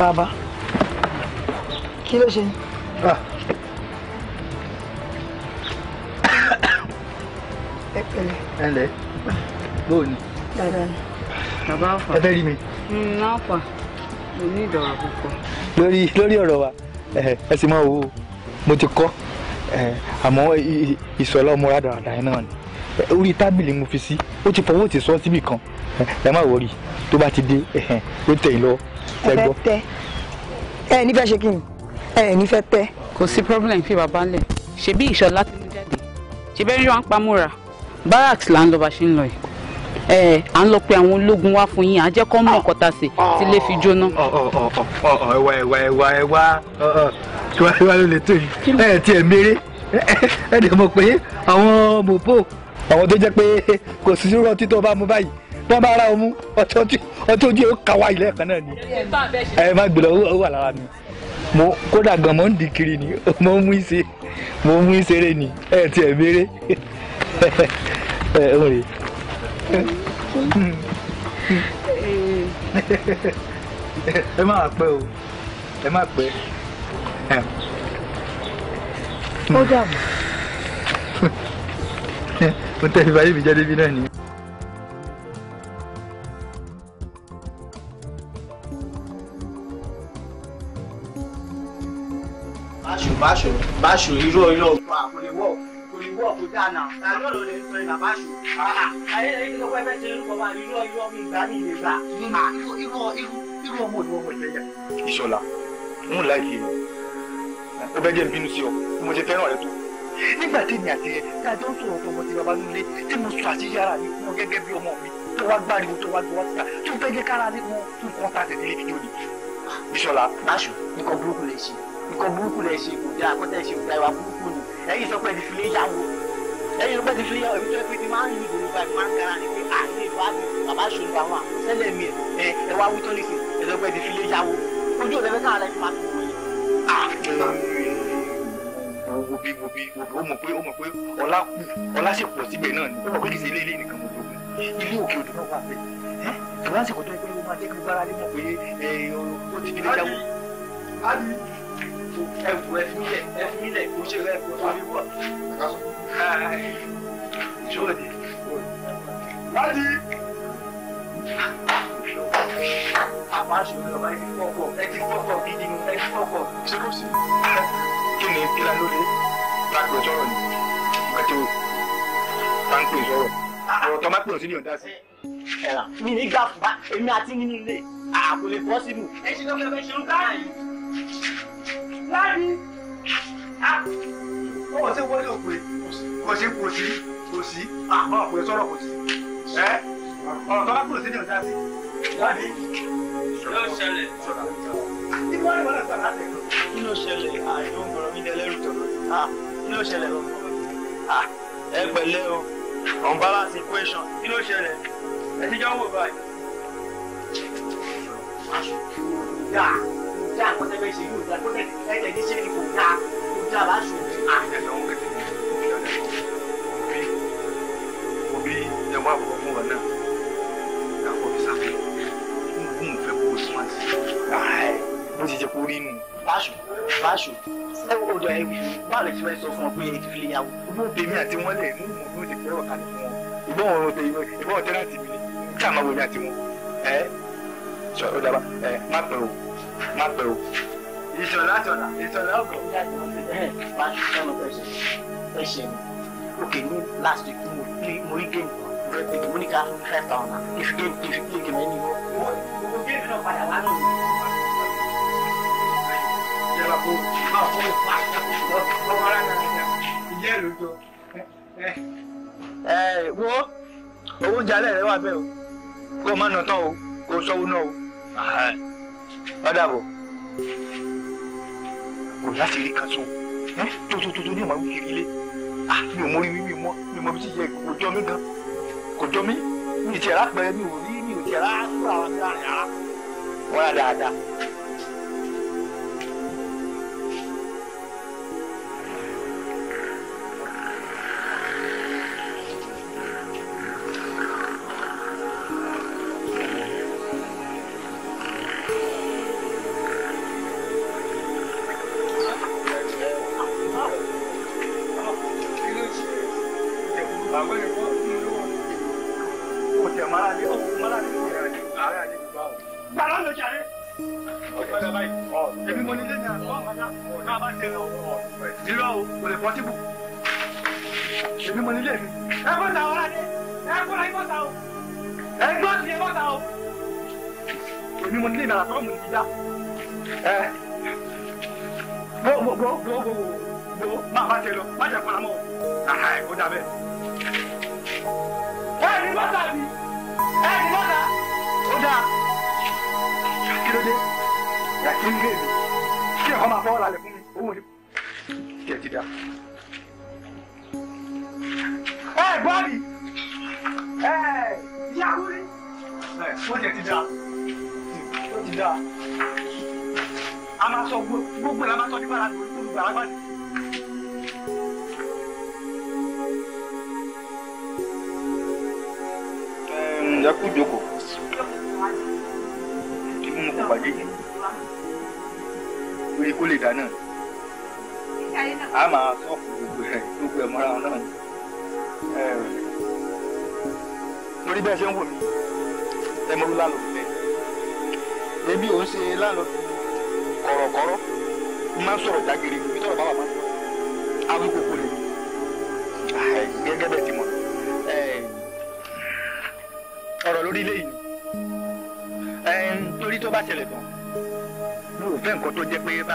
baba kí ló ṣe. Ah. ẹ pẹ̀lẹ́. ẹ ǹlẹ́ bóò ni. dáadáa ni. bàbá àfà. ẹ fẹ́ rí mi. náà hmm, fà mo ní ìdọ̀rọ̀ púpọ̀. lórí lórí ọ̀rọ̀ wa ẹ sì máa wo mo ti kọ́ àmọ́ ìsọ̀lọ́ ọmọ rádaràdà yẹn náà ni orí tábìlì mo fi sí ó ti fọwọ́ ti sọ síbì kan ẹ má wọrí tó bá ti dé ó tẹ̀yìn lọ ẹ fẹ́ tẹ ẹ ní fẹ́ ṣe kí ni ẹ ní fẹ́ tẹ. kò sí problem fi bàbá lẹ ṣebí ìṣọlá ti mú jáde ṣebí ẹni wọn pamọ́ra barracks là ń lọ bá ṣe ń lọ yìí ẹ à ń lọ pé àwọn ológun wá fún yín à jẹ́ kó mọ̀ kọ́ta sí tí lè fi jóná. ẹwà ẹwà ẹwà ẹwà tiwa tiwa ló lè tó yìí ẹ ti ẹ méré ẹ dẹ̀ mọ̀ pé àwọn mòpó àwọn tó jẹ́ pé kò sí sí tí wọ́n bá ra ọmú ọtí ojú ó kà wá ilé kan náà ni ẹ má gbèrò ó wà lára mi mo kódà gan mo ń di kiri ni <laughs> mo mú ìṣe mo mú ìṣeré ni ẹ ti <laughs> ẹ méré ẹ ò rè. ẹ má pẹ́ o ẹ má pẹ́. ó dàbọ̀. <laughs> mo tẹ̀síwájú mi jáde bí náà ni. Basho, Basho, irọ́ irọ́. Kò lè wọ̀ kò lè wọ̀ kò dáa náà. Tàbí ọ̀rọ̀ lè fẹ́ nà Basho. Ayé lè ní wẹ́fẹ́ ṣe irú bàbá irọ́ irọ́ mi ìgbà mi lè gbà. Irú irú ọmọ ìwọ ọmọ ìlẹ́yà. Ìṣọ̀lá, mú láìkí ni. Ó bẹ́ jẹ́ bínú sí ọ, mo ṣe fẹ́ràn rẹ tó. Nígbà tí èmi àti ẹ ká jọ ń sọ̀rọ̀ tó ọmọ ti bàbá nílé tí mo sọ àṣírí ara mi fún ọ gẹ́gẹ́ bí ọmọ mi tó wá gbáriwo tó wá gbọ́ síta tó fẹ́ jẹ́ kára ní mo tún kọ́ta tẹ̀lé ìdí òní. Bísọ́lá, Báṣọ, nǹkan burúkú lè ṣe nǹkan burúkú lẹ ṣe kò dáa kọ́tà ẹ ṣe kò dáa ìwà burúkú ni ẹ̀yin sọ pé ìdífilé yàwó ẹ̀yin sọ pé ìdífilé yàwó ìbí tó pé ti máa ń yin ìdòwò gba ìmọ̀ àǹkárá ni pé àní ìlú àbí bàbá ṣòro àwọn àkọsẹ́lẹ̀ mi ẹ ẹ wá wítọ́ nísìn ẹ sọ pé ìdífilé yàwó ojú òde fẹ́ káàlẹ́ ìfà tó wọ̀nyí. wo bí o mọ̀ pé o mọ̀ pé ọlá kù ọlá sì pọ̀ síbẹ̀ náà ni o mọ̀ pé kìí ṣe ilé ilé nìkan mo tó ilé òkè òdò náà wà bẹ́ẹ̀ ẹ́ tòun àsìkò tó ń pẹ́ wọ́n máa jẹ́ kí gbára lé mọ̀ pé ó ti fi lé jáwó ẹ wù ẹ fi mí lẹ ẹ fi mí lẹ mo ṣe fẹ mo fà mí wọ. sóòdì láti àpá ṣòro ọba ẹ ti fọkọ ẹ ti fọkọ gidi mu ẹ ti fọkọ. ṣé kò sí kí ni kílá lóde láti ọjọ́ rẹ̀ ni àti o tá ń pè sọ̀rọ̀ ọ̀rọ̀ tó má pè sí ní ọ̀dá sí. ẹ̀rà mi ní gàfúrà èmi àti nínú ilé àkùlé pọ́sibù. ẹ ṣe lọ́kẹ́ fẹ́ ṣerú káàyè láàbí ọwọ́ tí wọ́n lò pé kò sí kò sí kò sí àmọ́ ah, ọ̀pẹ sọ̀rọ̀ kò sí ẹ ọ̀rọ̀ tó bá kúrò sí ní ọjà sí láàbí. yóò ṣẹlẹ̀ sọ̀rọ̀ ìwọ́n ìwọ́n lọ sọ̀rọ̀ àtẹ̀. kí ló ṣẹlẹ̀ àìdùn ah, gbọ́dọ̀ mi dẹ́lẹ́rù tọ̀nà kí ah, ló ṣẹlẹ̀ lọ. ẹ pẹ̀lẹ́ o unbalance equation kí ló ṣẹlẹ̀ ẹ ti jọ wò báyìí. Yeah dá àwọn tẹ́fẹ́ ṣe yóò dá tó tẹ̀ ẹ̀jẹ̀ ní ṣe ni kò dá kò dá bá ṣù. òbí ẹ wá bọ̀ fún wa náà yàgò bísà fún un kún fẹ́ kó o sún wá sí i. bó ti jẹ kó rí nù. báṣù báṣù ẹ wo ọdọ ẹ báwo lè ti fẹ́ sọ fún ọ pé ètò ìfìlẹ̀ yàwó. inú bèmí àti wọn lè mú mú ní ìfẹ́ ọ̀kadì fún wọn ìbọn ọ̀rọ̀ tẹ ìbọn ọ̀tẹ́ láti mi ní kí àmàwò ní àti wọn. ẹ sọ ọ dábàá ẹ má pẹ́ o má pẹ́ o. ìṣọ̀lá ṣọ̀lá ìṣọ̀lá ọ̀gọ̀ ìyá ìjọba ṣe máa ń ṣiṣẹ́ ọmọ ẹ̀ṣẹ̀ ẹ̀ṣẹ̀ mi. ok ní last week mo rí mo rí game rẹ pé mo ní ká fún five thousand if game if play game ẹni wọ́n. gbogbo géèmì náà padà wá lónìí. ìjọba kò máa fún mi pa ọmọ ara náà ìyá ẹ̀ ló jọ. ẹ ẹ wo owó jalè rẹ wà bẹ́ẹ̀ o kó o má nà tán o kó o sọ́wọ́ náà o ọ̀dà bọ̀ kò láti rí kan tún tó tó tó tó ní ìmọ̀ wíkì ilé ah, mi ò mọ orí mi mi mọ mi mọ bí ti yẹ kò jọ mí gan kò jọ mí mi ì tiẹ̀ lápẹ̀rẹ̀ mi ò rí mi ò tiẹ̀ lápẹ̀rẹ̀ àwọn ará wọ́n rà dáadáa.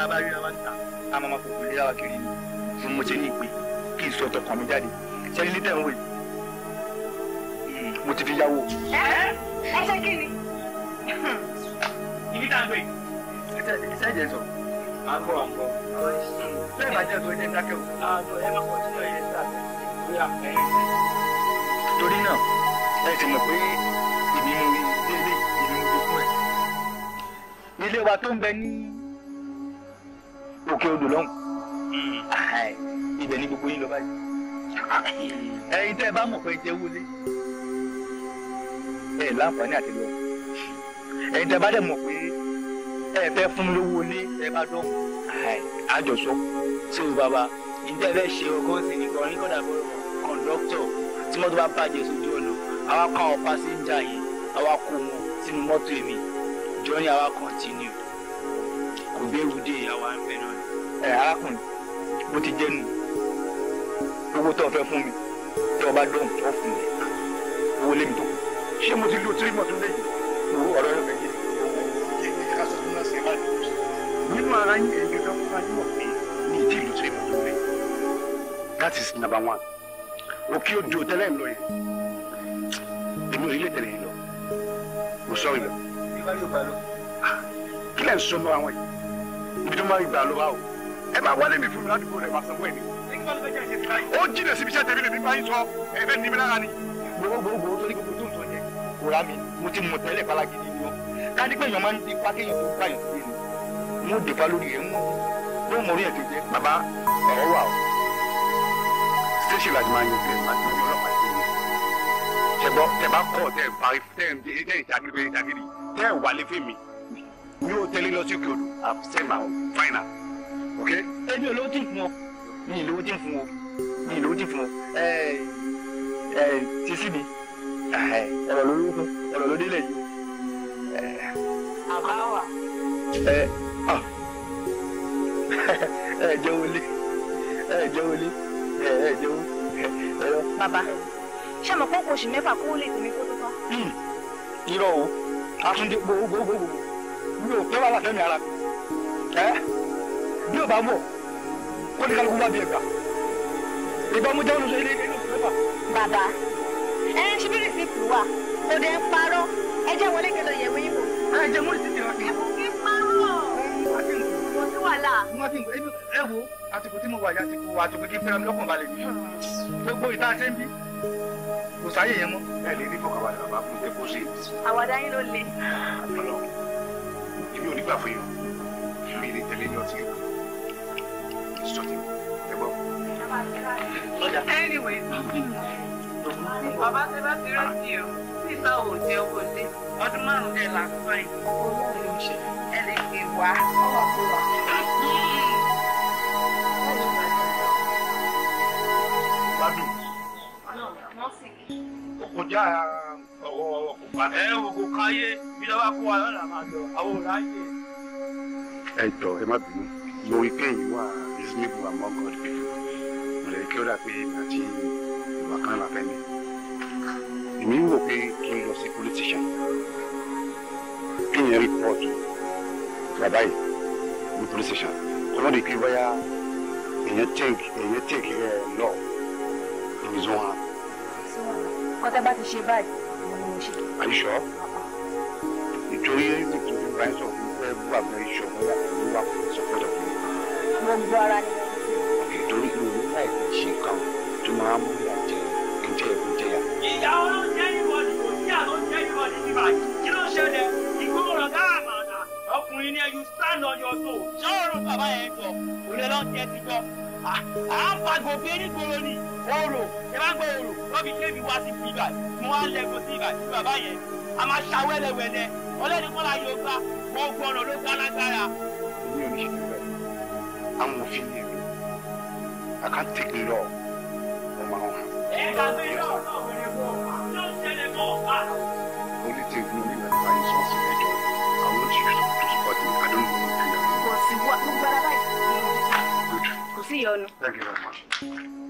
bá rí ara níta a máa ma kò kúlé ara kiri ni fún mo ṣe ní ìpè kí n sọ tọkàn mi jáde ṣe ilé tẹ̀ ń wò yìí hmm, mo ti fi yáwó. ẹ ẹ ṣe kí ni ìdí tá a gbé. iṣẹ́ ìjẹ́ sọ. a ń bọ̀ a ń bọ̀. bẹ́ẹ̀ bá jẹ́ tó ẹ jẹ́ dákẹ́ o. àjọ ẹ máa kọ́ sílẹ̀ yẹn torí náà ẹ ti mọ̀ pé ìbí mo rí ilé ìbí mo rí fún ẹ. ilé wa tó ń bẹ ní òkè odò lọ́hùn mm. ibẹ̀ ni gbogbo yín lọ báyìí ẹ̀yin tẹ́ ẹ bá mọ̀ pé jẹ́ wọlé ẹ láǹfààní àti lọ ẹ̀yin tẹ́ ẹ bá dẹ̀ mọ̀ pé ẹ fẹ́ fún lówó lé ẹ bá dán àjọsọ ṣé o bàbá ǹjẹ́ ẹ fẹ́ ṣe ọgọ́ sí ni kọrin kọ́dà bọ́ kọ̀ǹdọ́tọ̀ tí mọ́tò bá bàjẹ́ sójú ọ̀nà àwa kan àwọn pásíńjà yìí àwa kó wọn sínú mọ́tò èmi jọ́ni àwa kọ́ntínú kò bẹ́ẹ̀ wúdé àwa ń bẹ̀rẹ̀ ẹ arákùnrin mo ti jẹ́ nù owó tó ń fẹ́ fún mi tó bá dọ̀hùn tó fún mi owó lé mi tó kù ṣé mo ti lo tírí mọ̀tún lẹ́yìn owó ọ̀rọ̀ yóò fẹ́ yé yé ká sọ fún náà sí ìbàdàn nínú ara yín èyí kankan fún ayé wọ̀ pé ní ìdí ìlú tírí mọ̀tún lẹ́yìn that is number one òkè òjò tẹ́lẹ̀ ń lọ yẹn èmi ò rí lè tẹ̀lé yìí lọ mo sọ ìlọ. Ah, kí lẹ́ ń sọ mọ́ àwọn yìí ibi tó máa ń gbà ló ẹ máa wálé mi fún mi ládùúgbò rẹ̀ máa sanwó ẹ̀mí. ó jìnnà síbi iṣẹ́ tẹ̀lé mi máa ń sọ ẹ̀fẹ́ ní mi lára ni. gbogbogbò tó ní gbogbo tó ń sọ yẹn kò rá mi mo ti mọ̀ tẹ́lẹ̀ falagidi ni ó. kádìgbẹ́ yẹn máa ń dípa kéèyàn tó bá yàn sí ni. mo dèpa lórí ẹ̀ ń mú ló mọ̀ orí ẹ̀ tó jẹ́. bàbá ọ̀rọ̀ wà o. stéṣì làjọ máa ń yẹ kẹ́ máa ti ní ọlọ́pàá tẹ̀bọ́ tẹ̀bá kọ̀ tẹ̀ parí tẹ̀ ń tẹ̀ tẹ̀ ìtàgírí tẹ̀ wálé fún mi mi ò tẹ́lẹ̀ lọ sí òkè odò àfẹ́sẹ̀ máa ń fáìnà okay. èmi ò lówó tí ń fún ọ mi ì tí ń fún ọ mi ì tí ń fún ọ ẹ ẹ ti sí mi ẹ̀rọ ló ló fún ẹ̀rọ ló délẹ̀ yìí o. àbáwà. ẹ ẹ jẹ́ wọlé ẹ jẹ́ wọlé ẹ ẹ jẹ́ bàbá ṣé mo kó oṣù mẹ́fà kó lè tèmi kó tó tán. Hmm. irọ́ o a tún dé gbogbogbò mi ò pẹ́ wà látẹ́mi ara mi bí o bá mọ̀ kó ní kálukú bá bí ẹ gbà ìbámu jẹ́ olùsọ ilé ìlú sọ́fà. bàbá ẹ ń ṣe bí rìsíìpù wa kò dé ń parọ́ ẹ jẹ́ wọlé kẹlẹ́ ìyẹ̀wò yín wò. ẹ jẹ́ mú rìsíìpù wa. ẹ kò kí parọ́. kò sí wàhálà. ẹ wo àtìkù tí mo wà yà àtìkù àtìkù tí fẹ́ràn lọ́kàn balẹ̀ yìí. gbogbo ìta ṣe ń bí kò sáyè yẹn mọ́. ẹ lè rí fọkànbalẹ̀ bàbá fún ẹ kó anyway bàbá tẹ bá ti rántí o nígbà wo jẹ owó dé ọdún márùn-ún dẹ̀ là ń sáyìn ẹ lè fi wá. kọjá ọwọ́ ọkùnrin. ẹ wò kò káyé bí lọ́wọ́ kó wa lọ́nà máa jọ àwọn ò ráyè. ẹ jọ ẹ má bínú mo rí pé ìwà reasonable among God people mo lè kí ó dà pé àti ìwà kan là fẹ́ mi èmi ń wò pé kí n lọ sí politician kí n yẹn report bàbá yìí ní politician kò lọ́ọ́ di pé bóyá èèyàn take èèyàn take ẹ lọ èmi zun ha. kọ́tẹ́ bá ti ṣe báyìí mo ní mo ṣe. àyíṣọ́ nítorí ẹ̀yìn tó ti bá ẹ sọ̀rọ̀ mo ìṣọ̀kan yàtọ̀ máa ń bọ́ ara ní. nítorí ìlú nígbà ìpín ṣe nǹkan tó máa ń mú ìyà jẹ ẹjẹ ìlú jẹyà. ìyá olóúnjẹ ìwọ ni kò sí àlóúnjẹ ìwọ ni nígbà kí ló ṣẹlẹ̀ ìgbóhùn gáàmàdà ọkùnrin ni ẹyù sáànà yọ tó ṣọ́ọ̀rùn bàbá yẹn jọ òlẹ̀ lọ́ọ̀tì ti gbọ́. à ń fagbo bí nígboro ni òòrò ẹ bá gbọ́ òòrò wọ́n fi wá sí ibà mo wá lẹ́kọ̀ọ́ sí ibà I'm moving you. I can't take the law on my own hands. Only thing you need to find is what's in the I want you to support me. I don't want to be Good. Thank you very much.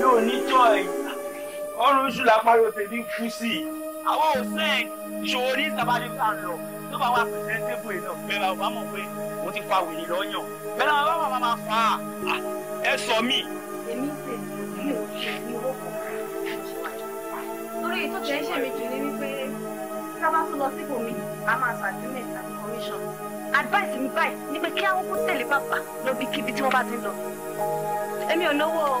mi ò ní joy ọrùn oṣù làpárò tèmi kú sí i. àwọn òsèǹ ìṣòro ní ìsàbàdì bá ń lọ tó bá wà presentable enough bẹ́ẹ̀ bá wà mọ̀ pé mo ti fa wèrè lọ́yàn bẹ́ẹ̀ náà bá wà máa fa ẹ sọ mí. èmi ṣe ìlú ìlú ọkọ̀ torí tó jẹ́ iṣẹ́ mi jù ní wípé tá a bá tún lọ síbò mi a máa sọ àti commission advice mi báyìí ni pé kí àwọn kó tẹ̀lé bàbá lọ bí kíbi tí wọ́n bá ti lọ èmi ò náwó o.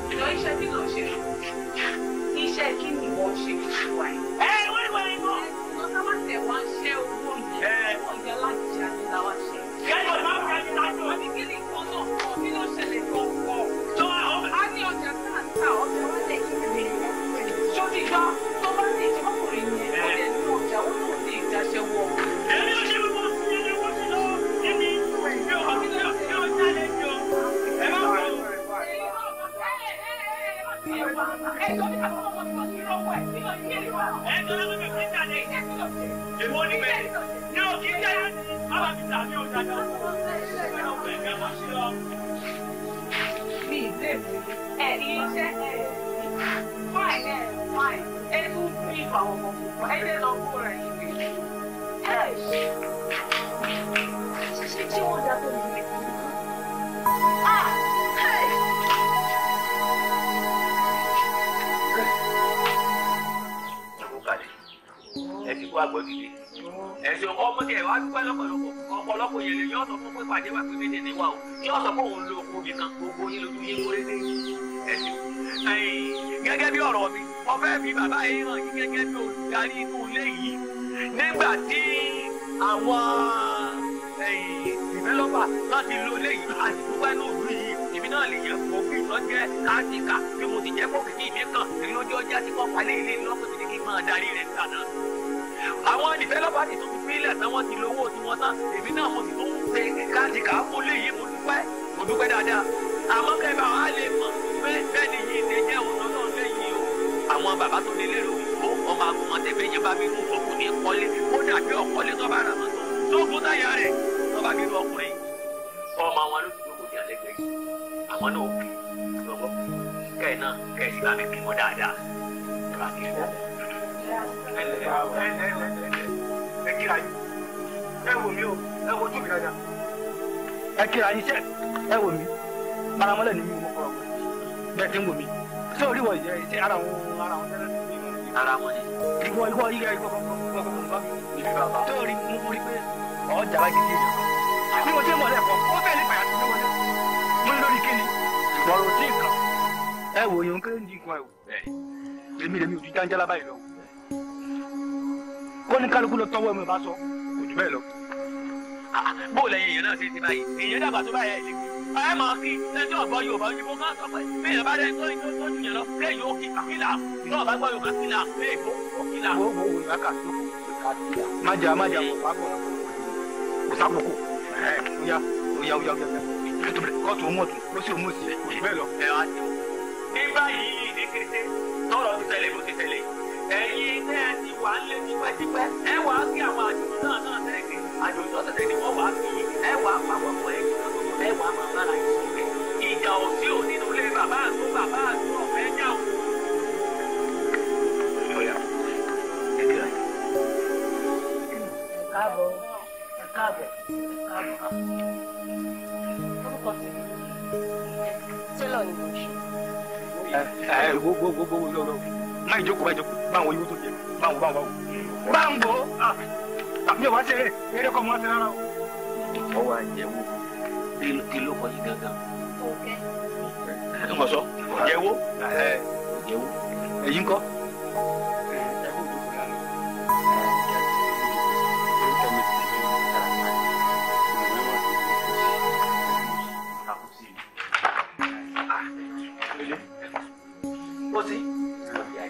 jọ iṣẹ́ kí ló ṣe iṣẹ́ kí ni mo ṣe fi wà yìí. ẹ wọ́n ìwà yìí mọ́. mo sábà tẹ̀ wá ṣẹ́ owó yẹn wọ́n yẹ láti ṣe àtúndà wá ṣe. kẹ́lẹ́ máa ń fagi lájọ. àbí kí ni nǹkan náà kọ́ kí ló ṣẹlẹ̀ tó pọ̀. tó a ní ọjà tá à ń ta ọjà wálé kí ni. sọ́dí gbọ́. Hey! ẹ sì kó àgbọ̀ gidi. ẹ̀sìn ọmọdé ẹ̀ wá dúpẹ́ lọ́pọ̀lọpọ̀ ọ̀pọ̀lọpọ̀ yẹn lè yọ̀ sọ fún pé pàdé wà pé méjì ní wa o yọ̀ sọ fún òun lo oko mi kan gbogbo yín lójú yín kórè dé ẹ̀sìn. gẹ́gẹ́ bí ọ̀rọ̀ mi ọ̀fẹ́ mi bàbá yìí hàn yín gẹ́gẹ́ bí olùdarí inú ilé yìí nígbà tí àwọn ìfẹ́lọ́pà láti lo ilé yìí àti dúpẹ́ ní òru yìí èmi náà lè yẹ kó bí ìtọ́ jẹ́ káàdì ká bí mo ti jẹ́ kókìkí mi kàn ní lójú ọjà tí kò palẹ̀ ilé lọ́kùnrin kí n máa darí rẹ̀ gbà náà àwọn developer ti tún fi fílẹ̀ tán wọ́n ti lo owó tiwọn tán èmi náà mo ti tún ṣe káàdì káàkó léyìí mo dúpẹ́ mo dúpẹ́ dáadáa àmọ́ kẹfà á lè mọ̀ pé bẹ́ẹ̀ ni yìí lè jẹ́ òun náà léyìí o àwọn bàbá tó nílé lòwò ọmọ àgùnmọ̀ tẹ̀gbẹ́ yẹn bá bínú òkú ní kọ́lé ó dàbí ọ̀kọ́lé tó bá rà mọ́ tó tó kú táyà rẹ̀ tó bá bínú ọkùnrin ọmọ àwọn alóṣùgbò ní alẹ́ ẹ kíra yín sẹ ẹ wò mí paramọ́lẹ̀ ni mi mú kọ́ ọ̀gbọ́n tí ń wò mí ṣé orí wọ̀ yẹ ṣe ara wọn ara wọn tẹ́lẹ̀ ní ara wọn ni. ìwọ ìwọ yíyá ìwọ kọ̀ọ̀kan tó rí mú rí pé ọjà bá gidi rẹ̀ bí mo ṣe mọ̀ lẹ́kọ̀ọ́ ó fẹ́ẹ́ lè pàyà tó wọlé mú lórí kíni ìwọ̀rọ̀ tí nǹkan ẹ wò yín kéré ní nǹkan ẹ wò èmi lèmi ò ti jáńjá lábáyé lọ kó ní kálukú lọ tọwọ́ ẹ̀mọ̀ bá sọ kò jù bẹ́ẹ̀ lọ. Ah, ah, bó lẹ́yìn èèyàn náà ṣe ti báyìí èèyàn dàgbà tó báyà ẹ̀ lè gbé ẹ máa kí ẹjọ́ ọ̀gbọ́ Yorùbá òyìnbó kan sọ pé bẹ́ẹ̀ bá dẹ́ tó tó tó jùyàn lọ bẹ́ẹ̀ yóò kí kàkílà yóò bá gbọ́ Yorùbá kílà bẹ́ẹ̀ kó kílà. wo wo wo ìlà kà tó kò májà májà kò pákó kò sápòkò ẹ oya oya oya oya kóòtù ó mọ̀tún ló sì ó mọ̀ sí bẹ́ẹ̀ lọ. ẹ wá sí o ní báyìí ní kété tọrọ ti tẹ̀lé bó ti tẹ̀lé ẹ̀yin tẹ́ ẹ ti wà ń lé tipẹ́tipẹ́ ẹ wà á kí àwọn àjòjì náà náà tẹ̀lé àjòjì náà tẹ̀lé ni wọ́n wà á kí ẹ wà á pàwọ́ pọ̀ ẹ̀yìn ẹ wà á máa bára yìí sọ ìjà ò sí òní nínú ilé bàbá àtún bàbá àtún ọ̀fẹ́ jà ò. káàbọ̀ káàbọ̀ káàbọ̀ orúkọ tèmi tẹ́lọ̀ ni mo ṣe. ẹ ẹ gbogbo gbogbo lọ́wọ́ má ìjókòó má ìjókòó báwo yóò tó jẹ báwo báwo báwo. báwo ah, àmì ò wá ṣeré eré kọ́ mọ́ ṣe rárá o. ọwọ́ àjẹwò kí ló kọ́ yìí gangan. ẹ ń kọ sọ jẹ́wọ́ jẹ́wọ́ èyí ń kọ́.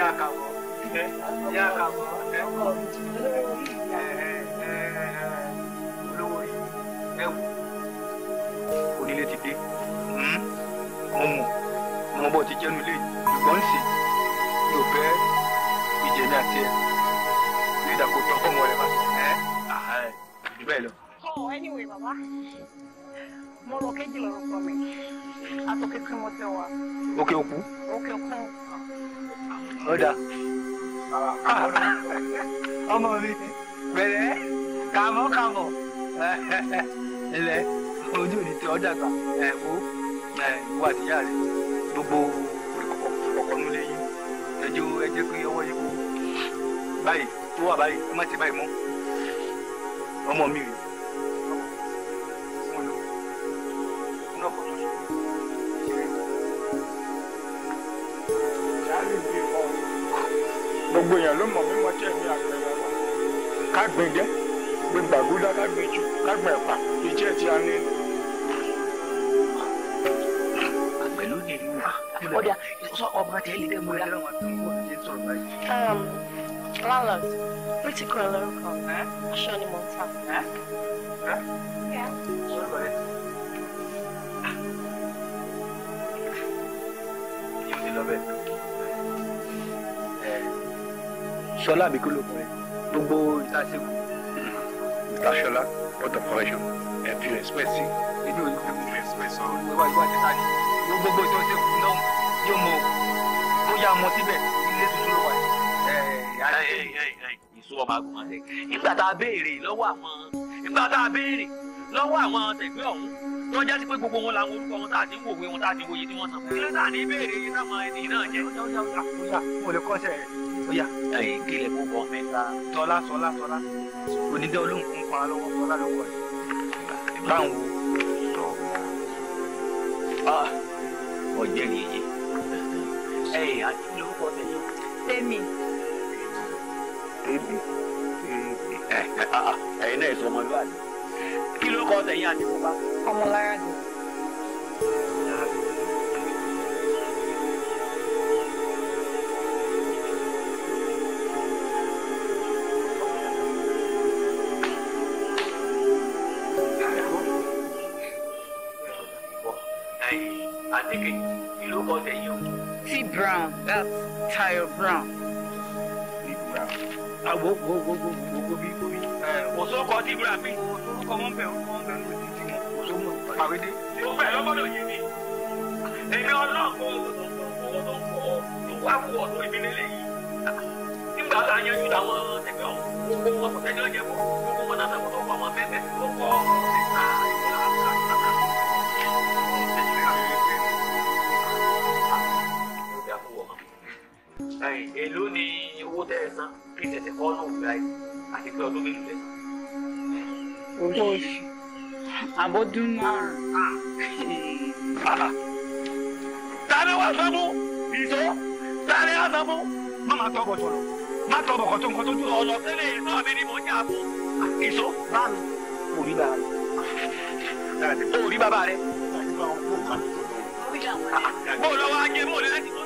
yà kàwọ́ yà kàwọ́ lórí ẹwù onílé ti dé mo mọ̀ mo bọ̀ ti jẹ́nu lé ìgbọ́n sì yóò bẹ́ ìjẹ̀mí àti ẹ̀ ní ìdàkótọ́ fọ́ọ̀mù rẹ̀ bá ẹ̀ ẹ̀ bẹ́ẹ̀ lọ. Oh, anyway, Baba. Mo lọ kéjì lọ́rọ̀ pọ̀ mi. Atọ́kẹ́ tí mo tẹ wa. Òkè òkú. Òkè òkú. Oda. dà <laughs> ọmọ mi bẹ̀rẹ̀ kàmọ́ kàmọ́ <laughs> ilẹ̀ ojú òní tí ọ dàgbà ẹ̀ wo wà níyà rẹ̀ gbogbo ọ̀kọ̀ọ̀nù lẹ́yìn ẹjọ́ ẹjẹ́ pé ọwọ́ yìí kú báyìí tó wà báyìí ẹ má ti báyìí mọ́ ọmọ mi rèé. gbogbo yẹn ló mọ̀ mímọ́ tí ẹ̀mí àgbẹ̀ yẹn wà kágbìn dẹ́ gbẹgbàgúdá kágbìn jù kágbìn ẹ̀pà ìjẹ́ ti àná ẹni. àgbẹ̀ ló ní ìlú wa ọ̀dà ìsọ ọmọ tẹ̀ lè dẹ́ múra. Um, landlord pretty cool lórúkọ aṣọ ni mo ń ta. Ah. Love Ṣọlá àbíkú ló kúrẹ́ gbogbo ìtàsíkù. Mr. Ṣọlá port of correction ẹ fi respect sí inú ìlú respect sọ̀rọ̀ níwájú àti tani gbogbo ìtọ́síkù náà yóò mọ bóyá mọ síbẹ̀ ilé tuntun ló wà ìṣòwò máa gùn ọ́n lẹ̀. nígbà tá a béèrè lọ́wọ́ àwọn nígbà tá a béèrè lọ́wọ́ àwọn tẹ̀gbẹ́ ọ̀hún tó jásí pé gbogbo wọn làwọn orúkọ wọn tá a ti ń wòwe wọn tá a ti wòye tí wọ́n sàn. kí ló dáa ní ìbéèrè yìí táwọn ẹni náà jẹ́. mo lè kọ́ sẹ́yìn bóyá kílẹ̀ kó bọ̀ mẹ́ta tọ́lá tọ́lá tọ́lá onídẹ́ olóńgbò ń pa lọ́wọ́ tọ́lá lọ́wọ́ rẹ̀ báwo lọ ah, ọ̀jẹ̀ nìyí ẹ̀yìn àti lórúkọ tẹ̀yìn. tèmi. tèmi ah, ah, ẹ̀yin náà sọ ọmọlúwàbí kí lórúkọ tẹ̀yìn àti bọ́bá. ọmọlára ni. àtìkè kí ló kọ tẹ̀yìn o. T Brown that's Tayo Brown. T Brown. àgbo gbogbogbò gbogbo bí omi. kò sóko T Brown bí kò sóko wọn bẹ wọn bẹ lórí títí mọ kò sóko pàrédé. ó bẹ̀ lọ́gbọ́dọ̀ yé mi èmi ọlọ́ọ̀kọ́ wá kú ọ̀dọ́ ìbí nílé yìí nígbà tá a yanjú táwọn ẹgbẹ́ ọ̀hún gbogbo wọn kò tẹ́jọ́ jẹ́ fún gbogbo wọn náà sọ̀rọ̀ ọmọ bẹ́ẹ̀ bẹ́ẹ̀ tó kọ́ ọ́ èló ni owó tẹ́ ẹ san kí tẹ̀sẹ̀ kọ́ náà gbà yìí àti pé ọdún mélòó lẹ́sàn. owó oṣù àbọ̀dún márùn-ún. Ah. tani wàá san fún ìṣó tani wàá san fún má máa tọ́ ọkọ̀ sọ̀rọ̀ má tọ́ ọkọ̀ tó nǹkan tó dùn. ọ̀nà tẹ́lẹ̀ iná mi ni mo ń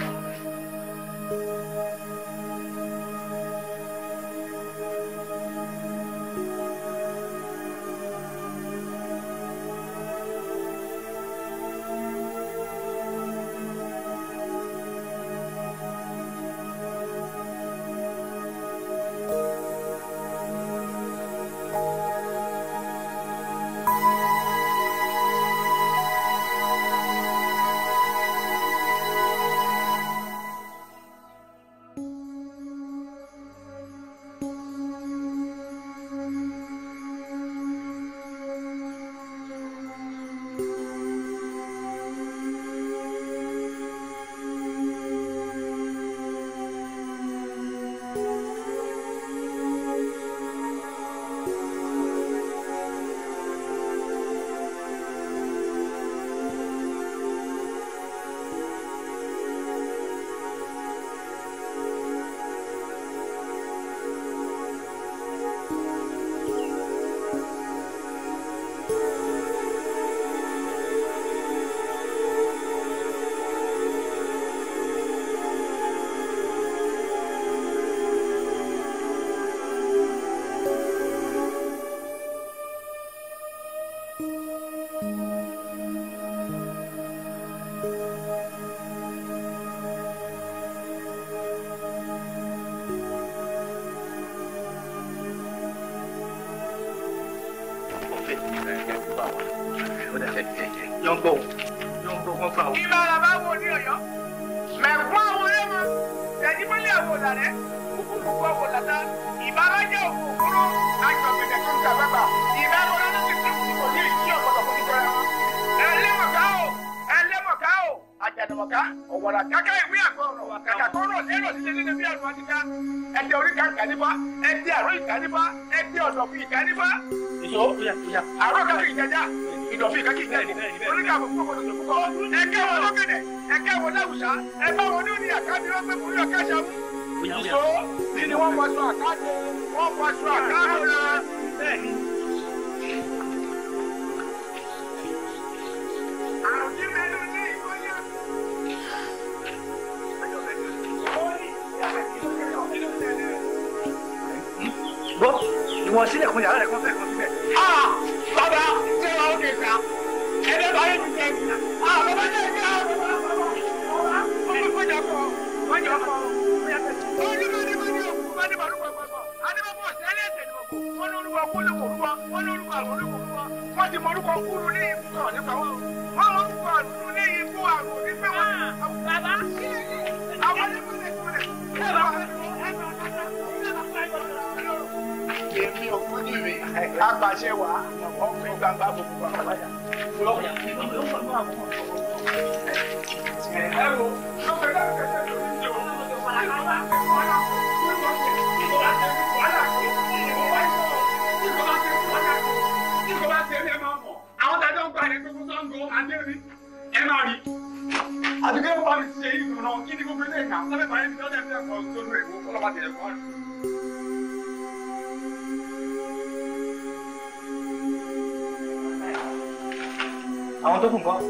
都很高。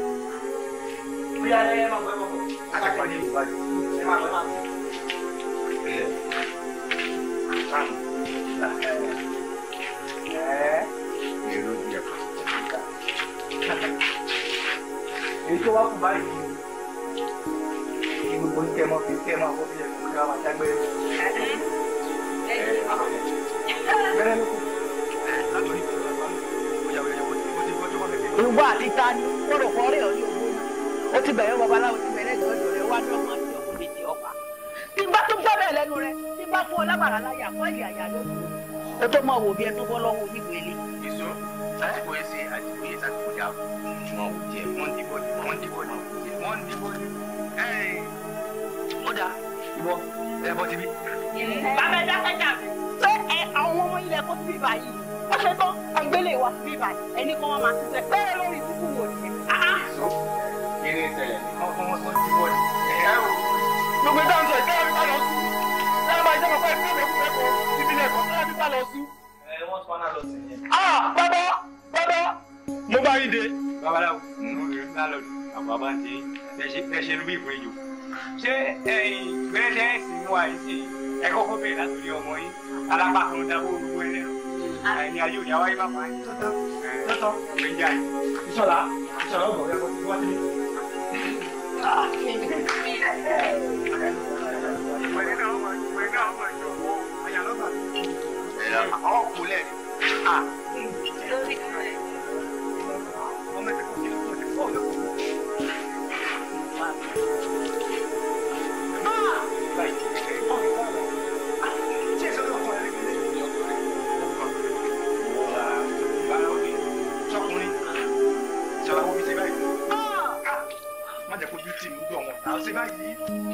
lẹ́nu rẹ̀ tí bá fún ọ láyà kọ́ ìyá ìyá ló kù ó tó máa wò bí ẹni tó bọ́ lọ́wọ́ oníwèé lé. ìṣó àtìkò ẹsẹ àtìkò ẹsẹ àtìkò dà wọn ò jẹ wọn dìbò ni wọn dìbò ni wọn dìbò ni ó dà ìwọ ẹ bọ síbí. bàbá ẹ dákẹ́ jà mí. ẹ àwọn ọmọ ilẹ̀ kó sí ibà yìí ó ṣe tán ẹgbẹ́lẹ̀ wa sí ẹni kan wọn máa ti sẹ gbogbo dáhùn sọ Ah, bàbá, bàbá, mo bá yín dé. Babaláwo, lálọ́dún, àwọn bàbá ń ṣe bẹ́ẹ̀ ṣe lóbi ìwé yòó. Ṣé ẹ̀yin bẹ́ẹ̀ ṣe é sì mú àìsí ẹ kọ́kọ́ bẹ̀rẹ̀ látòrí ọmọ yín? Alábàkùn dábò olúwo ẹlẹ́rọ. Ẹni ayé òní àwáyé bàbá yín. Tọ́tọ́, tọ́tọ́, òwe ń jà yín. Ìṣọ̀lá, ìṣọ̀lá ọ̀gbọ̀n rẹ̀ kọ́ ti wá sílé. ọkùnrin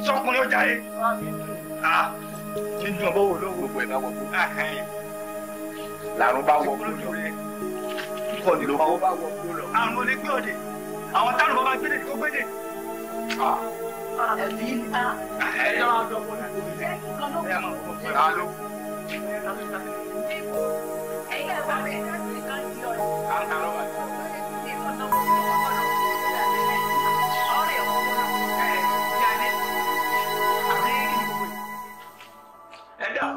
sọkùnrin ọjà yìí. ní dùn bọ́wọ́ olówó. gbogbo ẹ̀ bá wọ̀ bó làrùn bá wọ kúrò jù rẹ kíkọ ní lóko àrùn olè gbé ọdẹ àwọn táwọn bàbá gbé dé kó gbé dé. Ah. ẹbí ah. ẹ yọ àdọ̀bọ̀ náà ẹ lọ. ẹyẹ wà bẹ́ẹ̀ náà ti kàn sí ọ̀rẹ́. ẹ̀dá kan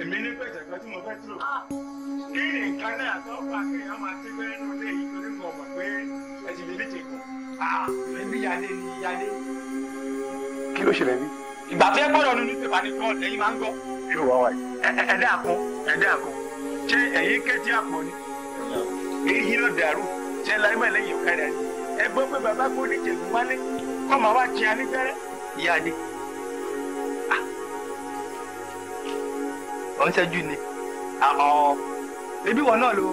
èmi ní pẹ̀tẹ̀kọ́ tí mo fẹ́ tìrò kí nǹkan náà tó fà kí èèyàn máa ti wẹ́ nínú ilé yìí torí mo mọ̀ pé ẹ̀sìn mi níje kù. ẹbí yadé ni yadé. kí ló ṣẹlẹ̀ bí. ìgbà tí ẹ gbọ́dọ̀ nínú pépà ní kọ́ ẹ̀yin máa ń gbọ́. ṣé o wá wáyé. ẹ̀dá àkún ẹ̀dá àkún ṣé ẹ̀yin kẹ́tí àpò ni. èyí ló dàrú ṣé láyé mọ́ ẹlẹ́yìn ọ̀kadà ni. ẹ gbọ́ pé bàbá kó ní jẹ̀gùn wálé ṣẹ́jú ni ebi wọ náà lo.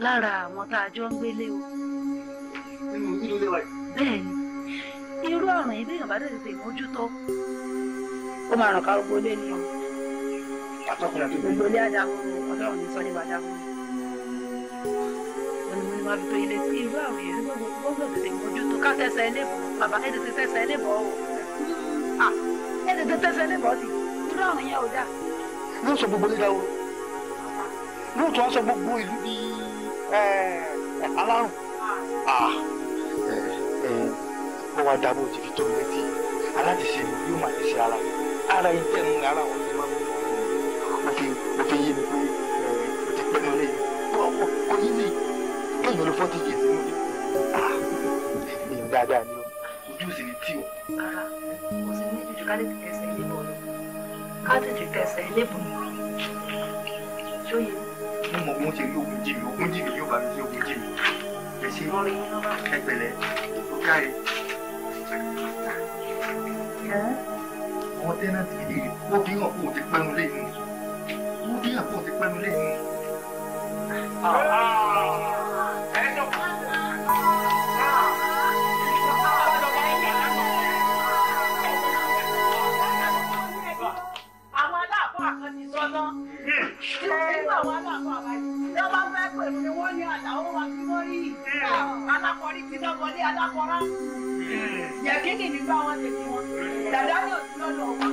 lára àwọn tá a jọ ń gbélé o. nínú nínú ilé wa yìí. bẹ́ẹ̀ni irú àrùn yìí béèyàn bá dẹ̀ tètè mójútó ó máa ràn kárò gbólé ni o. àtọkùnrin àti gbogbo ilé àdàkùn ọlọ́run ní sọ́ni bàdà fún mi. òní mo ní máa fi tó ilé tí irú àrùn yìí gbọ́dọ̀ tètè mójútó ká tẹ̀sẹ̀ ilé bọ̀ bàbá ẹ̀ tètè tẹ̀sẹ̀ ilé bọ̀ o. ẹ̀ tètè tẹ̀sẹ̀ ilé bọ̀ sí irú àrùn yẹn ò dáa. yóò sọ gbogbo ilé dáwọ́ yóò tún wá sọ gbogbo ìlú bíi Eh, alárùn ó ah. eh, eh, wá dábò tí fi tóbi létí aláàtìsí ni yóò máa tẹ̀sí ara ara yìí tẹ̀ mú ara wọn tó máa mú òfin òfin yé mi pé o ti pẹ́ mọ́ lẹ́yìn bọ́ọ̀bọ̀ kò yí ni kéèyàn ló fọ́tí yé sínú mi èèyàn dáadáa ni o ojú sì ni tí o. rárá kò sí ní ìjọba lè tẹ̀sẹ̀ ilé bọ̀ ká tètè tẹ̀sẹ̀ ilé bọ̀ ṣóyè òun ṣe rí ogun jì mí ogun jì mí yóò bá mi ṣe ogun jì mí ẹ ṣe ẹgbẹ̀lẹ́ ó káre. àwọn tẹ́nàtì yìí ó fi hàn kó o ti pẹ́nu lé inú ó fi hàn kó o ti pẹ́nu lé inú. Àwọn aláàbọ̀ àkànní sọ́nà. Ṣé àwọn aláàbọ̀ àbájá? tó bá fẹ́ pẹ̀lú ni wọ́n ní àdáwó wa kí lórí ah, alákọ̀ọ́rí ti lọ́bọlé alákọ̀ọ́rá yẹ̀kínì ní bá wọn tètè wọn dàdá ní òsì lọ́dọ̀ ọmọ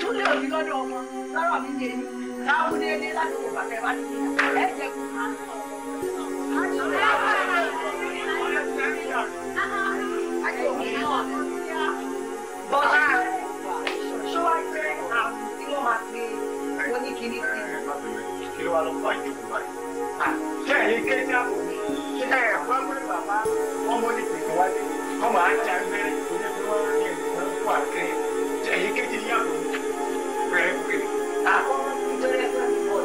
túlẹ̀ òsì lọ́dọ̀ ọmọ lọ́rọ̀ mi lè ní táwọn ní ẹni láti kó bàtẹ́ bá ti yà ẹ̀ jẹ́ kó máa ń sọ. Bọ́lá ṣó wá jẹ́ àwọn tí wọ́n máa pe oníkìní sí i. Kí ló wá ló fà yín kú báyìí? sẹ́yìn kéde àbòmí ẹ̀ fọ́nmọ́ bàbá ọmọ ní tẹ̀síwájú ọmọ ajá gbé onígbọ́n ní ẹ̀sán fún àkẹ́ sẹ́yìn kéde ní àbòmí rẹ̀ pé àkọ́kọ́ nítorí ẹ̀sán ìbọn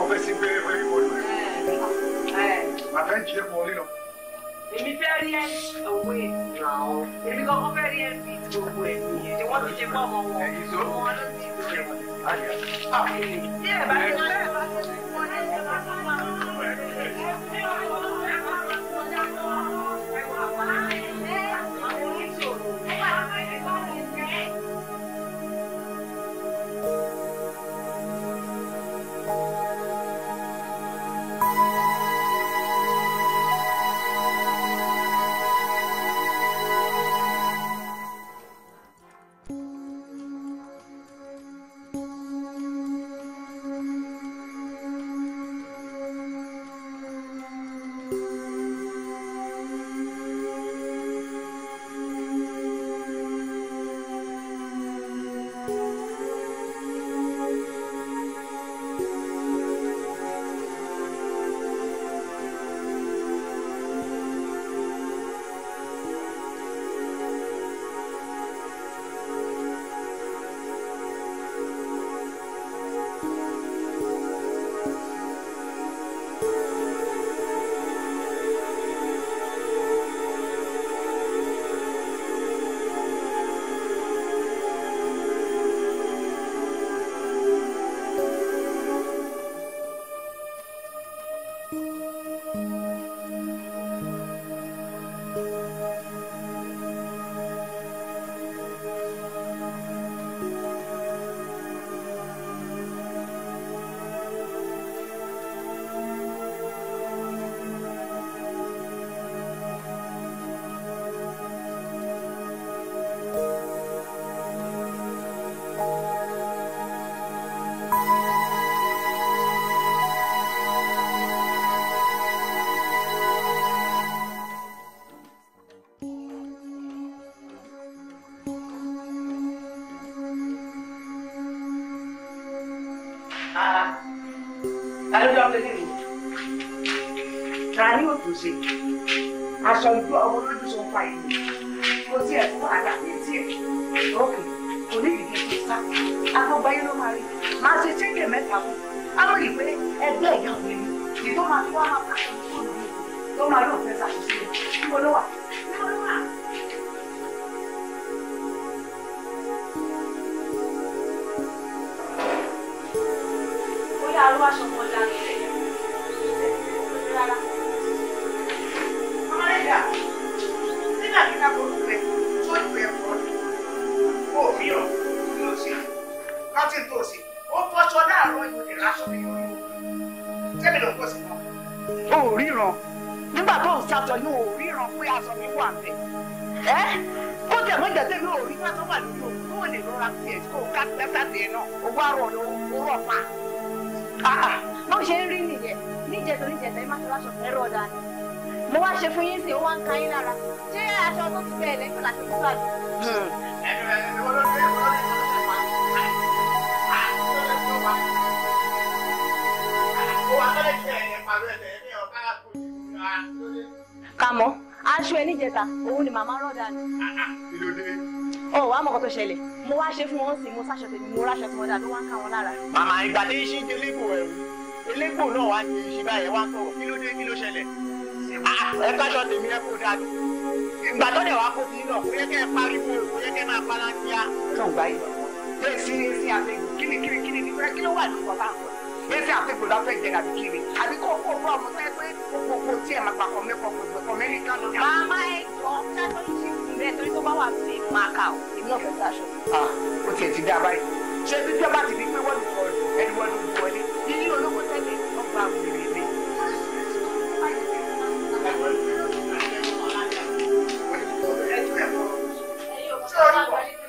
ọ̀fẹ́ sí gbé ẹ̀fẹ́ ìbọn rẹ̀ bàbá ń jẹ́ mọ́ nínú. èmi fẹ́ rí ẹ̀ òwe èmi kọ́kọ́ fẹ́ rí ẹ̀ bí gbogbo ẹ̀ ni wọ́n ti ṣe pọ̀ mọ́ wọn wọn ló ti ṣe. tí ẹ bá ti lọ ẹ bá Yeah. lélẹ́yìn ta ni ó tún ṣe aṣọ ìjọ ọmọ lójú sọ pa ìlú kò sí ẹ̀ fún àlàyé tiẹ̀ lókè kò ní ìdí tó sá agbọ́gbáyé ló máa rí máa ṣe ṣẹ́jẹ̀ mẹ́ta fún àwọn ìwé ẹgbẹ́ ìyá òun ni tó máa tó wá máa kà tó máa lóun fẹ́ ṣàkóso ìwọ ló wà. ṣe fún yín sí ó wá yín lára ṣé aṣọ tó ti bẹ́ẹ̀ lẹ́yìn láti fún àgbẹ̀. ẹnu aṣọ ẹ níjẹta òun ni màmá rán dání. ó wàá mọ̀kọ́ tó ṣẹlẹ̀ mo wá ṣe fún wọn sí mo sáṣọ tèmi mo ráṣọ tí mo dá ló wá ń ká wọn lára. màmá ìgbà tí iṣẹ́ ti elégbò ẹ̀rù elégbò náà wá ní iṣẹ́ wá ń sọ̀rọ̀ kí ló dé kí ló ṣẹlẹ̀. Ah, ẹ káṣọ tèmi ẹ kó dáa ìgbà tó dẹ̀ wá kó sí lọ kó yẹ kẹ́ ẹ pariwo kó yẹ kẹ́ ẹ máa bára ní a tó ń gbà bẹ́ẹ̀ sí ní sí àtẹ̀gbò kíni kíni kíni ní kí ló wà ní ọ̀tá nǹkan bẹ́ẹ̀ sí àtẹ̀gbò láfẹ́ jẹ àbí kíni àbí kó kó bọ́ ọmọ sẹ́ pé gbogbo tí ẹ máa pa kọ́ mẹ́kọ̀ọ́ kò gbẹ̀kọ́ mẹ́ríkà ló màmá ẹ jọ ṣáàtọ̀ yìí torí tó bá wà sí máa sọ̀rọ̀ thank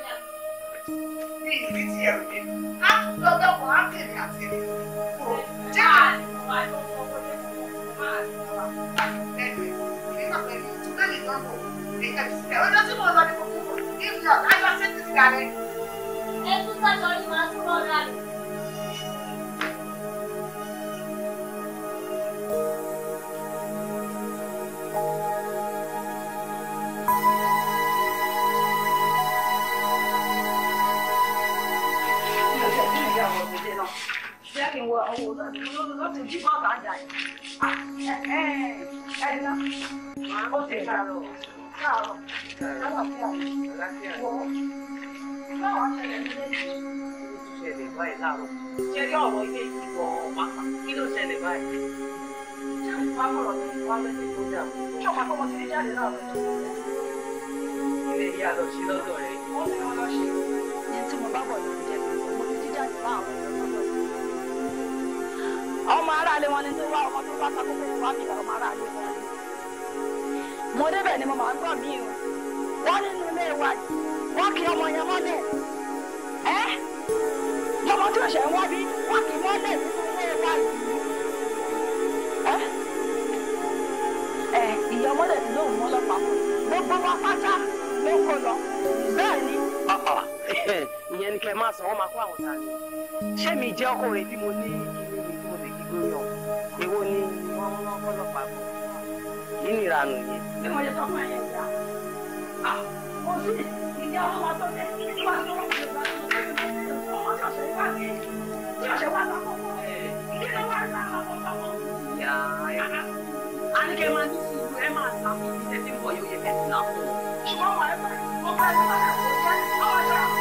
you wo àwọn ah, ti ní jáde láàárọ̀ tó ilé yìí àlọ́ sí lọ́dọ̀ rẹ̀. wọ́n ti lọ́ lọ́ ní tí mo bá bọ̀ ní ìjẹ́bi mo ti jíjáde láàárọ̀ aráalé wọn ni tí wá ọmọ tó bá sáko fún wa mi ọmọ aráalé wọn ni. mo débẹ̀ ni mo máa ń gbọ́ mí o wọ́n nínú ilé wa wọ́n kì ọmọ yẹn mọ́lẹ̀ ẹ́ lọ́mọ tí òṣè wọ́n bí wọ́n kì mọ́lẹ̀ nínú ilé wa ẹ́ ẹ́ ìyá ọmọdé ti lóun mọ́ lọ́pàá gbogbo wa pátá ló kó lọ bẹ́ẹ̀ ni. Ah, ah, <laughs> ìyẹn ni kẹ́ ẹ máa sọ wọ́n máa kó àwọn sáré ṣé mi jẹ́ ọkùnrin tí mo ní. ìranù yìí. bí mo ṣe sọ fún ẹyẹ ìyá ah, mo sì ìyá ọmọ tó dé wá sí ọmọ tó dé ọmọ tó wá sí tí ọṣẹ wá sá fún kí ló wá sá àwọn ọmọ ìyá ẹ. Ah, ah. a ní kí ẹ máa ní sùúrù ẹ máa sá ìdílé tí ń bọ̀ yóò yẹ kẹ́sì náà fún un. ṣùgbọ́n wàá fẹ́ mo fẹ́ sọ́kàn kó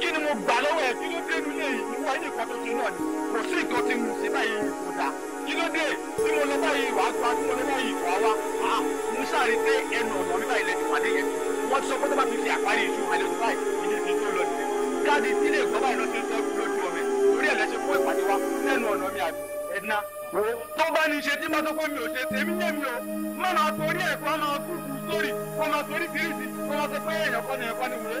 kí ni mo gbà lọ́wọ́ ẹ̀ kí ló dé nílé ìwọ ilé ìkọ́ tuntun náà ni kò sí nǹkan tí mo ṣe báyìí kò dáa kí ló dé tí mo lọ báyìí wàá gba tí mo lọ báyìí wàá wá a ah, mo sáré dé ẹnu ọ̀nà nígbà ilẹ̀ ìpàdé yẹn wọ́n ti sọ pé tó bá fi fi àpárí ìṣú àlejò báyìí ìdí ti tó lọ sí káàdì tí ilé ìgbọ́ báyìí lọ ti ń tọ́jú lójú ọmọ torí ẹ̀ lẹ́sẹ̀ fún ìpàdé wa lẹ́nu ọ̀nà mi àbí ẹ̀dínà tó bá ní ṣe tí máa tó pé mi ò ṣe tèmi yé mi o má máa torí ẹ̀kọ́ máa kúkú sórí kó máa torí fírísì kó máa sọ pé ẹ̀yàn kọ́ni ẹ̀kọ́ ni wùlé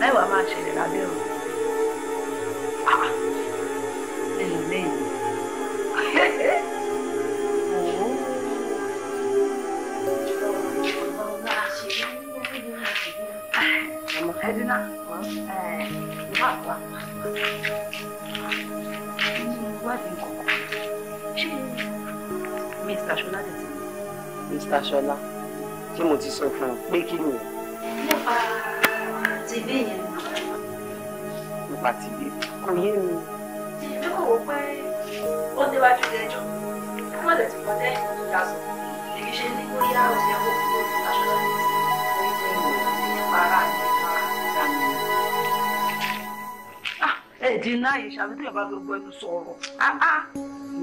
mẹ́wàá you ah, ah. Ah, Mr. Ṣọlá dẹ̀ ti. Mr. Ṣọlá ṣé mo ti sọ fún ọ pé kí ni. nípa tìbí yẹn. nípa tìbí kò yé mi. tìbí kò wò pé ó déwájú lẹ́jọ́ kí wọ́n lè ti pọ̀ lẹ́yìn tó ga sọ èyí ṣe ní bóyá ó ti ẹ̀kọ́ fún Mr. Ṣọlá dẹ̀ ti sọ pé nípa ara àti nípa ara náà yìí ṣàbí tó yẹ bá gbogbo ẹnu sọ̀rọ̀. Ah, ah.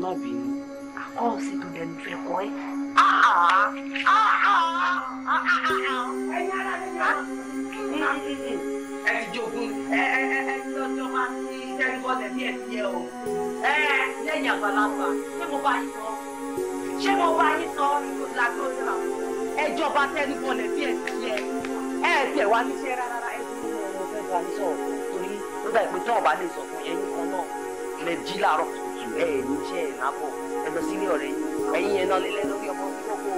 má bínú kọ́ ọ̀sìn tó dẹnu ah ah ah ah ah ah ah, ẹ ẹ lọ́jọ́ máa ti tẹ́lẹ̀ bọ́lẹ̀ bí ẹ ti yẹ o ẹ lẹ́yìn àgbàlagbà ṣé mo bá yín sọ ṣé mo bá yín sọ ìgbòdìlà tó yẹ àwọn ẹjọba tẹ́lẹ̀ bọ́lẹ̀ bí ẹ ti yẹ ẹ ẹ tiẹ̀ wá níṣẹ́ rárá ẹ ti mú ọmọ fẹ́ bá yín sọ̀rọ̀ torí ó dà pé tí wọ́n bá lè sọ fún yẹn yín kan náà lè jí láàárọ̀ ẹ ẹ níṣẹ́ ẹ lábọ̀ ẹ lọ sílé ọ̀rẹ́ ẹ̀yin yẹn náà lélẹ̀ lórí ọmọ kókó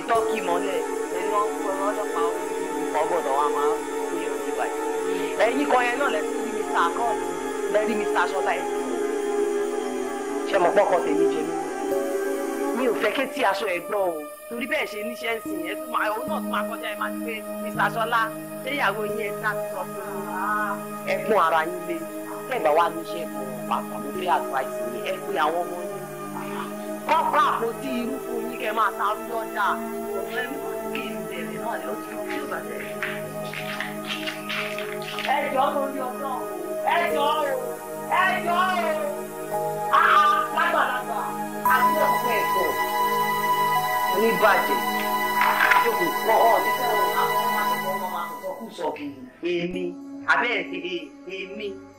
ìtọ́ kì mọ́lẹ̀ ẹni wọn fún ọlọ́pàá ọgbọ̀dọ̀ wa máa ń yẹ òjì báyìí ẹ̀yin kan yẹn náà lẹ́sìn sí mr akọ́ọ̀ lẹ́rí mr aṣọ́lá ẹ̀ ṣe mọ̀ pọ́kọ tèmi jẹ mí mi ò fẹ́ ké tí aṣọ ẹ̀ gbọ́ o torí bẹ́ẹ̀ ṣe níṣẹ́ ń ẹ̀ tún máa òun náà tún máa kọjá ẹ̀ máa ti pé mr aṣọ́lá ṣé ìyàwó yẹn náà ti sọ fún un ẹ̀gbọ́n ara yín lé tẹ́ wa ní ṣe fún pàtó mo fẹ́ advice ní ẹ àwọn ọmọ yín wọ́n àpótí irú fún yín máa ta lọ sí ọjọ́ lórí ọjọ́ ẹ o ẹ o ah, ah, lágbàlagbà àti ọ̀sẹ̀ ẹ̀kọ́ ní bàjẹ́ jókòó pọ̀ ọ́ nígbà wọn máa ń sọ kí n pè mí abẹ́rẹ́ èmi.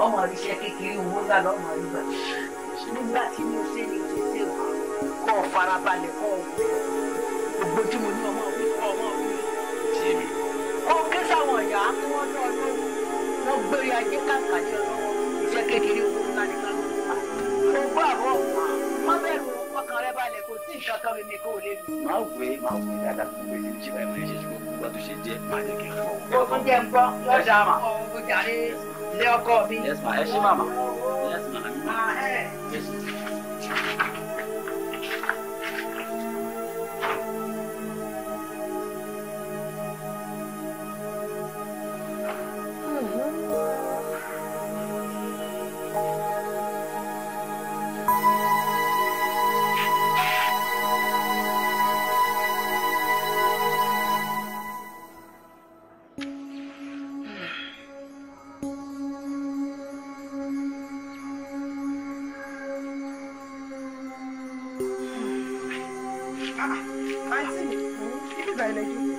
ọmọ rí iṣẹ́ kékeré owó ńlá lọ́mọ rí gbà nígbà tí mo ṣe ni mo ṣe o kọ́ ọ farabalẹ̀ kọ́ ọ gbogbo tí mo ní ọmọ mi kọ́ ọmọ mi ṣe mi. kọ́ ọ kẹ́sà wọ̀n yá kí wọ́n ní ọdún wọ́n gbére ajé kàkà ní ọlọ́wọ́ iṣẹ́ kékeré owó ńlá ní kánú pa. mo gbọ́ àbọ̀ má bẹ̀rù ọkàn rẹ balẹ̀ kò sí nǹkan kan mímí kó o lè lù. máa wé máa wé dáadáa fún mi ṣe báyìí mo ṣe ṣe ṣùgbọ́n bá tó ṣe jẹ́ máa jẹ́ kí n fọwọ́. ó tún jẹ́ ń gbọ́ yọ̀ọ̀dà mà. ọ̀ Ilé ọkọ Yes ma, yes ṣí màmá. Yes ma, àmì màmá. Yes ma. biology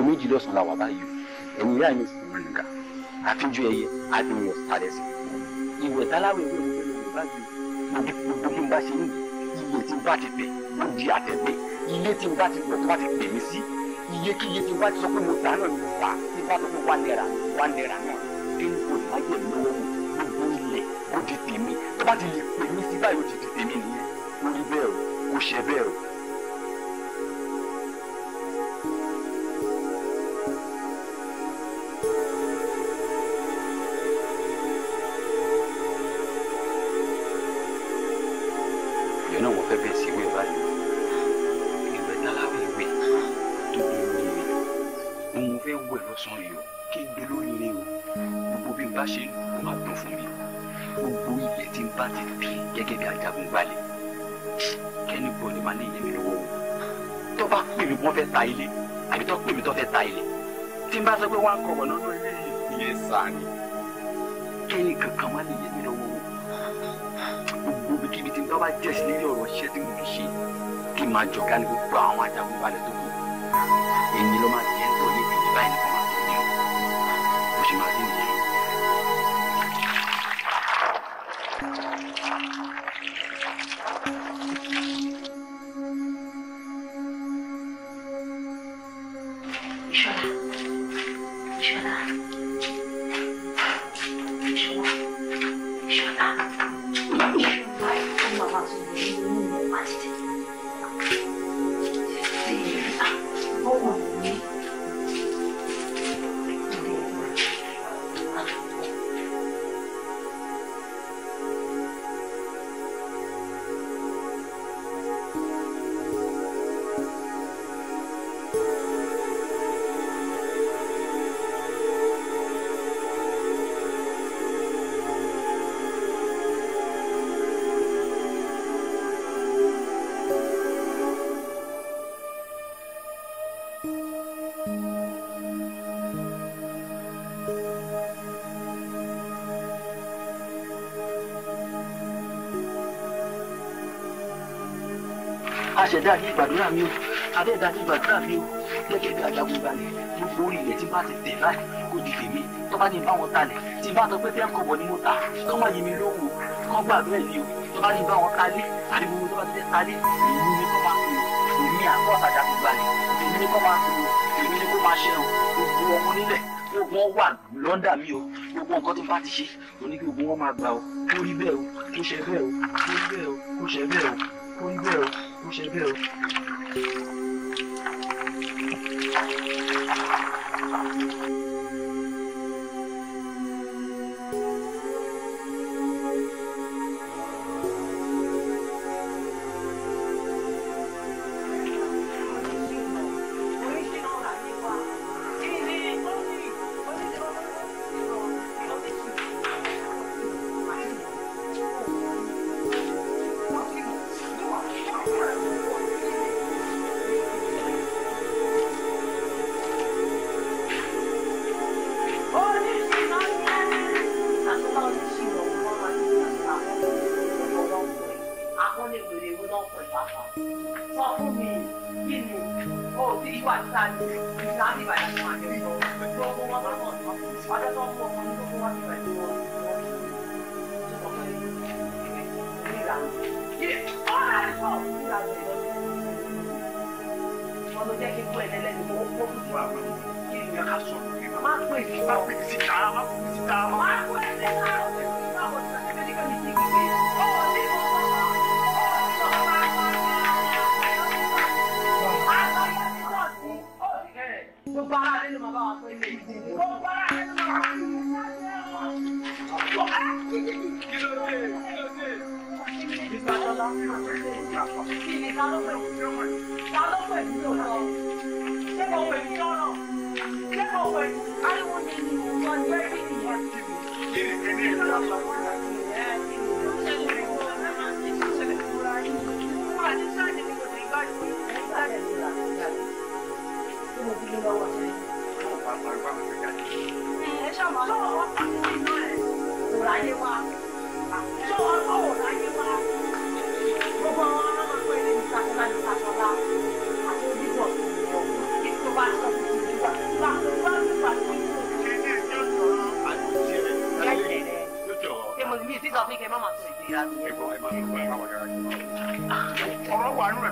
aago méjì lọ́sàn-án la wà báyìí ẹ̀yin ìyá mi sì ń ga àfijọ́ ẹ̀yẹ adìyẹ sàlẹ̀ sí ìwẹ̀ táláwẹ̀ ìwé ìwé ìwé báyìí òbí gbogbo bí n bá ṣe ń iye tí n bá ti bẹ̀ ó di àtẹ̀gbẹ́ ilé tí n bá ti bọ̀ tó bá ti pè mí sí iye kí iye tí n bá ti sọ pé mo tà náà ni mo wà tí n bá sọ pé wà náírà wà náírà náà ẹni kò ní má yẹ lọ́wọ́ mi gbogbo ilẹ̀ ó gbogbo ẹ̀ lọ́sàn-án yìí o kí n dolórí rẹ o gbogbo bí n bá ṣe kó máa dùn fún mi gbogbo ilẹ̀ tí n bá ti bì gẹ́gẹ́ bí ajagun gbalẹ̀ kẹ́ni bọ̀ ni màá ní ìyẹn mi lọ́wọ́ o tó bá pè mí wọ́n fẹ́ ta ilé àbí tó pè mí tó fẹ́ ta ilé tí n bá sọ pé wọ́n á kọ̀ wọ̀ lọ́dún ilé ìyẹn sàánì kẹ́ni kankan má ní ìyẹn mi lọ́wọ́ o gbogbo ibikíbi tí n bá wá jẹ́ sí nílé ọ̀rọ̀ ṣẹ́ tí mo fi ṣe kí n máa jọ̀gá ní gbogbo àwọn ajagun gbalẹ̀ tó kù èyí ló máa jẹ́ Bye. gbàdúrà mi o abẹ́ẹ̀dá ti gbàdúrà mi o jẹ́kẹ́ bí ajagun balẹ̀ gbogbo orí ilẹ̀ tí bá ti tẹ̀ báyìí kò di tèmi tó bá ní bá wọn talẹ̀ tí bá sọ pé fẹ́ kọ̀bọ̀ ni mo ta tó má yí mi lóhùn o kán gbàdúrà mi o tó bá ní bá wọn talé àbí gbogbo tó bá ti tẹ̀ talé èmi ni kó máa kú èmi àkọ́ àjagun balẹ̀ èmi ni kó máa kú èmi ni kó máa ṣẹ́ o gbogbo ọmọ nílẹ̀ gbogbo wọn wà lọ́ndà mi o gbogbo nǹkan tó bá ti ṣe òní kí gbogbo wọn máa gbà o kó bẹ́ẹ̀ o kó ṣe bẹ́ẹ̀ o kó bẹ́ẹ̀ o kó ṣe bẹ́ẹ̀ o kó bẹ́ẹ̀ o. entendeu? Ibi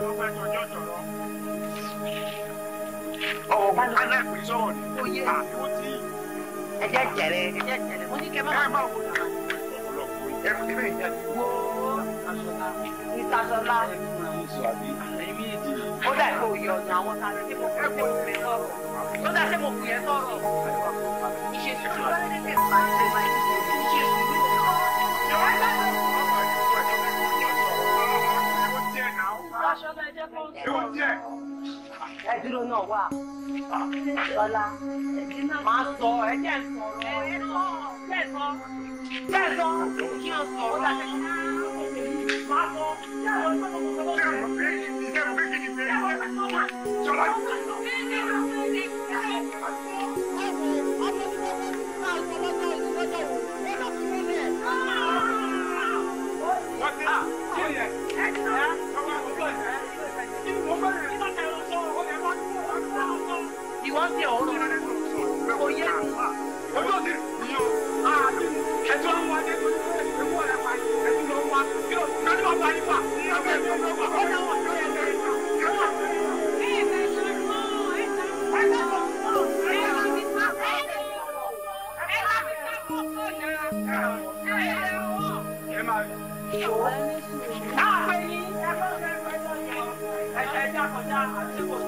ọwọ́ kó kálẹ̀ pé sọ̀rọ̀ ní àbíwó tí. ẹ jẹ́ jẹ̀rẹ̀ ẹ jẹ́ jẹ̀rẹ̀ mo ní kẹ́ máa wò ó. ẹ kò tẹ́lẹ̀ ìjà ti wọ́. ní tasọ́lá ó dà kó yọ ọ̀nà àwọn tàbí tí mo fẹ́ kó yẹ sọ̀rọ̀ ó dà sí mo kù yẹ sọ̀rọ̀ ìṣèṣirò lọ́dún tẹ̀sán ìṣèṣirò lọ́dún tẹ̀sán. ẹ dúró wáńsí ọ̀rọ̀ oyé olóòtú àti ẹ̀tọ́ àwọn adébọ̀ ẹ̀kú ọ̀rẹ́ pa ẹ̀tú lọ́wọ́ wa yóò kájú bá parí pa ọ̀rẹ́ ẹ̀tọ́ lọ́wọ́ ọ̀rẹ́ wọn yóò yẹ kẹrin ta. Ìwọ ní sùn. Láàpẹ̀ yìí, ẹ̀fọ́ ń bẹ̀rẹ̀ pẹ̀lú ọ̀yẹ́. Ẹ̀jẹ̀ ẹja kọjá àti kò sí.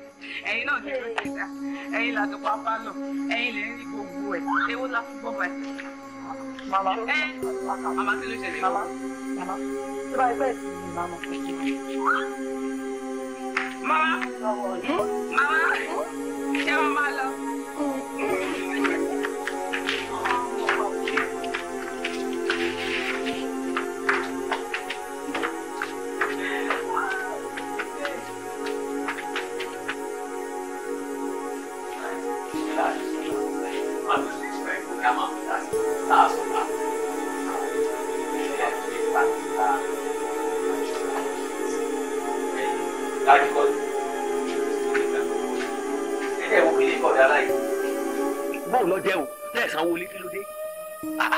ẹ̀yin náà ní ìrọ̀lẹ́dà ẹ̀yin làtọ̀ pápá lọ ẹ̀yin lè rí gbogbo ẹ̀ ewu la fún bọ́ọ̀bà ẹ̀. mama ẹ mama kí ló ṣe lè mama mama tí bá ẹgbẹ́ ti yìí mama. mama mama ṣé wọn máa lọ. bọ̀dá láyé. bóun lọ jẹ́ o lẹ́ẹ̀sán wọlé kí ló dé. Ah,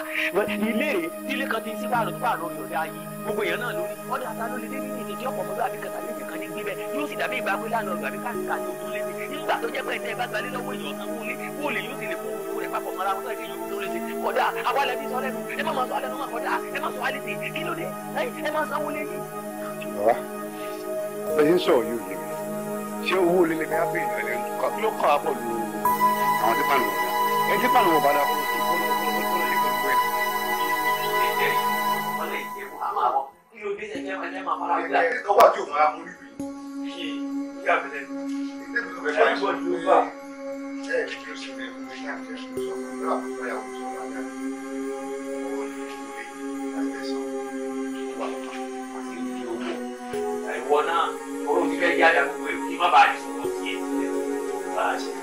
ilé ilé kan ti sí pààrọ̀ tó pààrọ̀ yọ̀dá ayé gbogbo èèyàn náà lórí ọdún ata ló lè dé nínú ọ̀pọ̀ ọmọdé àbí kàtà méjì kan ní gbígbẹ yóò sì dàbí ìgbàgbé lánàá ọ̀gbà àbí káàkiri àti òkú lé nígbà tó jẹ́ pé ẹ̀tẹ́ ìbá gbalẹ̀ lọ́wọ́ èèyàn ọ̀sán wọlé wọlé yóò sì lè fún owó rẹ̀ papọ̀ mọ́ra fún ẹ̀kẹ́ yòókù tó lè ṣe awalẹ̀ bí sọ́lẹ̀ ẹ ẹ má sọ àwọn tí pàlùwọ̀ dá ẹ tí pàlùwọ̀ bá dá kó ló kó ló kó ló gbogbo ẹ̀. kí ló dé ẹ̀jẹ̀ ní sọ̀rọ̀ kí má bàa ní sọ̀rọ̀ tó bá a ṣe.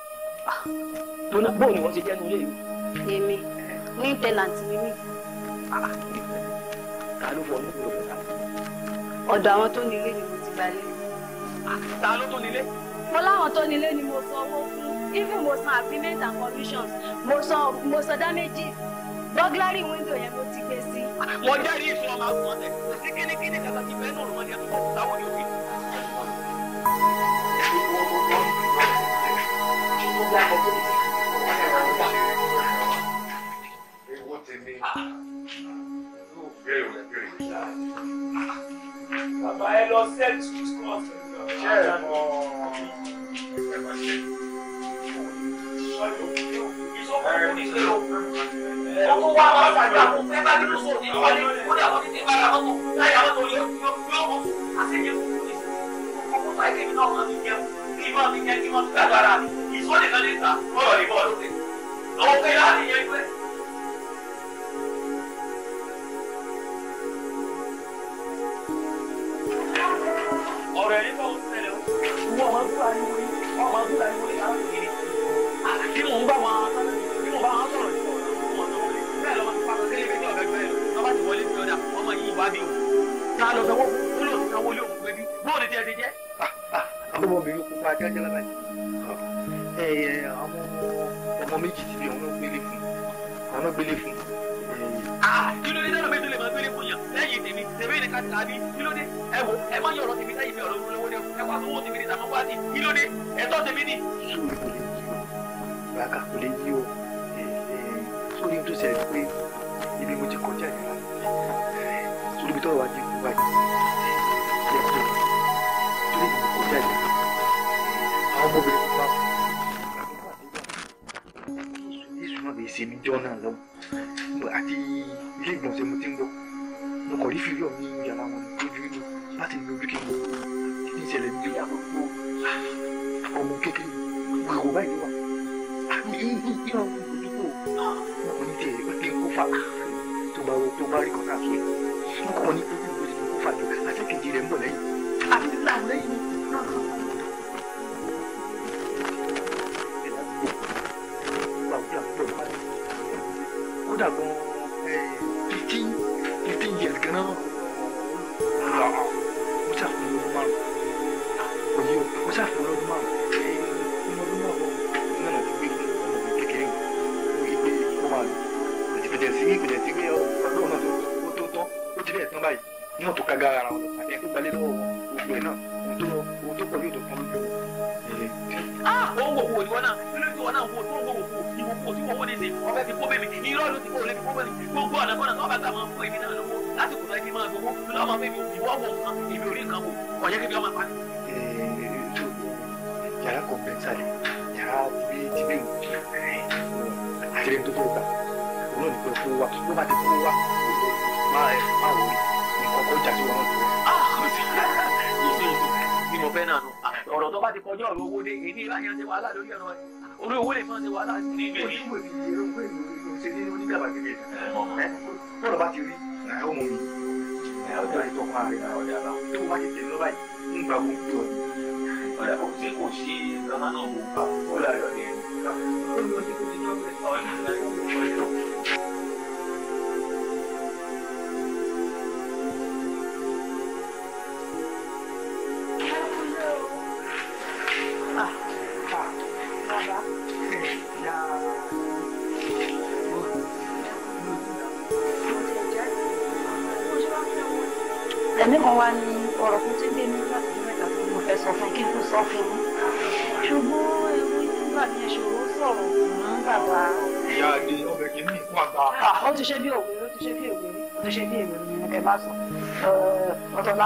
lónà bóun ni wọ́n ṣe jẹ́nu ilé yìí. èmi ní tẹ́lẹ̀ǹtì mi ní. Ah, ta ló fọ ọdún tó lọ bẹ̀rẹ̀. ọ̀dọ̀ àwọn tó nílé ni mo ti gbalẹ̀. Ah, ta ló tó nílé. mo láwọn tó nílé ni mo san owó fún even mo san agreement and commissions mo san mo san damages burglary window yẹn mo ti gbé sí. Ah, mo jẹ́rìí ìfún ọmọ àgùntàn tẹ̀ sí kínníkínní kàkàkí bẹ́ẹ̀ náà ló wọ́n ní ẹ̀kọ́ táwọn yóò fi. Ewo tèmi. Yóò gbé ìwé gbé ìjà ó nìkan ní sá bọ́ọ̀lù ní bọ́ọ̀lù sí òun pé láti yẹn pé. ọ̀rọ̀ ẹ̀yìn tó ń ṣẹlẹ̀ wọ́n máa ń gbà ní orí wọ́n máa ń gbà ní orí láti kiri kí mò ń bá wọn kí mò ń bá wọn sọ̀rọ̀ ní ọ̀rọ̀ tó wọlé bẹ́ẹ̀ lọ́mọ tó pàtó sílé méjì ọ̀gá gbẹ́rẹ̀ lọ́ba ti wọlé sí ọjà ọmọ yìí wá bí o ta lọ sanwó olóòtú sanwó olóòtú gbẹbí bóòlù tiẹ̀ ti jẹ́. ọmọbìnrin pupa jẹ́jẹ́ lábàá yìí àwọn ọmọ méjì ti bí àwọn náà gbélé fún àwọn náà gbélé fún. Ah, kí ló dé dáná méjì lè máa gbélé fún yàn lẹ́yìn tèmi tèmi ní ká tà á bí kí ló dé ẹ wò ẹ má yọ̀rọ̀ tèmi lẹ́yìn mi ọ̀rọ̀ olówó ni ẹ wá sówó tèmi ní ìdáná wá sí kí ló dé ẹ̀tọ́ tèmi ní. sórí kò lè yí o bàkà kò lè yí o sórí tó ṣẹlẹ̀ pé ibi mo ti kọjá ìlú sórí ibi tọ́rọ̀ wá di fún báyìí yẹ kó sórí ibi mo kọjá ìlú àwọn ọmọbìnrin mi ṣe mí jọ́ náà lọ́wọ́ àti ilé ìgbọ̀nsẹ̀ mo ti ń gbọ́ mo kọ̀ rí fìrí ọ̀mí yàrá wọn lójú inú láti ní ojú kéwọ́ kí ìṣẹ̀lẹ̀ mi yà gbogbo ọmọ kékeré gbogbo báyìí wà àmì ìyá ọmọ ìdúgbò mo ní tiẹ̀ ó ti ń kó fa tó bá tó bá rí kọ́tà sóyè mo kọ́ ní ojú ìwé ti fa jù àti kejì rẹ̀ ń bọ̀ lẹ́yìn àti láàrin lẹ́yìn náà. Buddha. ní ọ̀rọ̀ owó dé èyí ìlànà yẹn wàhálà lórí ẹ̀rọ orí owó lè fọ́n ṣe wàhálà ní ìlú yìí. onímọ̀ èmi yẹn ló pé ìlú yìí ẹ lọ́dọ̀ bá ti rí ọmọ mi ọjọ́ ìtọ́kùn àárẹ̀ ọjà bá tó wá ti tẹ̀lé lọ́ba yìí ń gba gbogbo ọ̀dà kò sí kò sí ìgbàmánà òkú pa ó là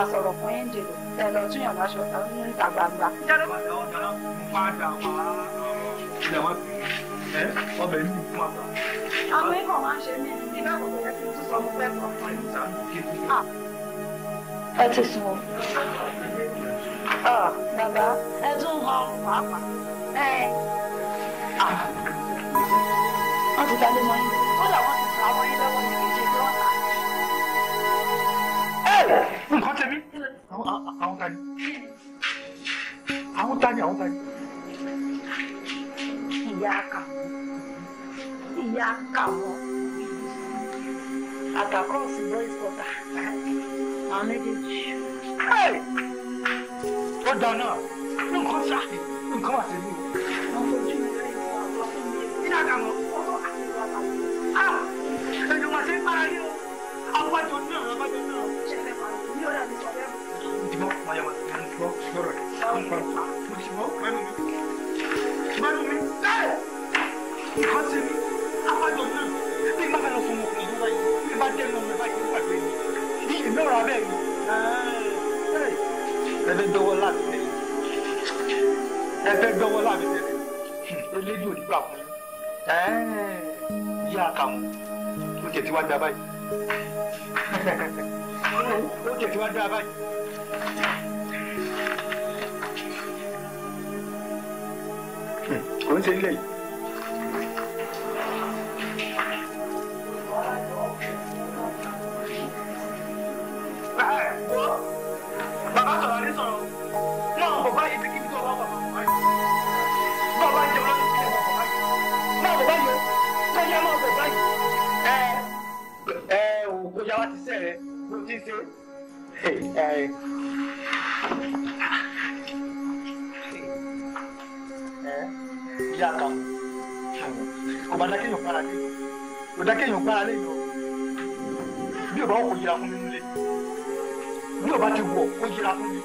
máa sọ̀rọ̀ fún angel ẹ tún yàn máa dà wá ilẹ̀ wá àwọn ikọ̀ máa ń ṣe mí nígbà gbogbo ẹ ti sọ mo fẹ́ sọ fún ẹ. Ah. Ah, ẹ ti sùn o ah, bàbá ẹ tún hàn ọ́n pàápàá wọ́n ti dalé mọ́ yín kódà wọ́n ti sọ àwọn ilé wọn ní kejì lọ́nà nǹkan tèmi àwọn ta ni àwọn ta ni àwọn ta ni. ìyá kà ìyá kà wọn àtàkọ́ sí boys quarter àwọn méjèèjì. ó dáná nǹkan sá nǹkan wà sí mi. ìyá kà wọn. ẹni wọn ti ń para ní o àwọn àjọ náà àwọn àjọ there was tanto sorrow. Tanto. Mushimo, mami. Mami, hey! Ìhásí mi, abájọ náà, bí bá fẹ́ lọ fún ọkùnrin tó báyìí, bí bá dé mọ́ mi báyìí nígbà tó yẹ. Ní ìmí ọ̀rọ̀ abẹ́ mi. Ẹ̀fẹ́ dọ́wọ́ láti tẹ̀lé. Ẹ̀fẹ́ dọ́wọ́ láti tẹ̀lé. Elédùn ò ní gbà fún mi. Yí àkàmú, ó tẹ̀ tí wá tí wá dá báyìí. Hmm, wọ́n ṣe yíyá kan ọba dákéèyàn gbára lé yìí ọdákéèyàn gbára lé yìí bí ọba wọn kò yíra fún mi nílé bí ọba ti wọ kó yíra fún mi.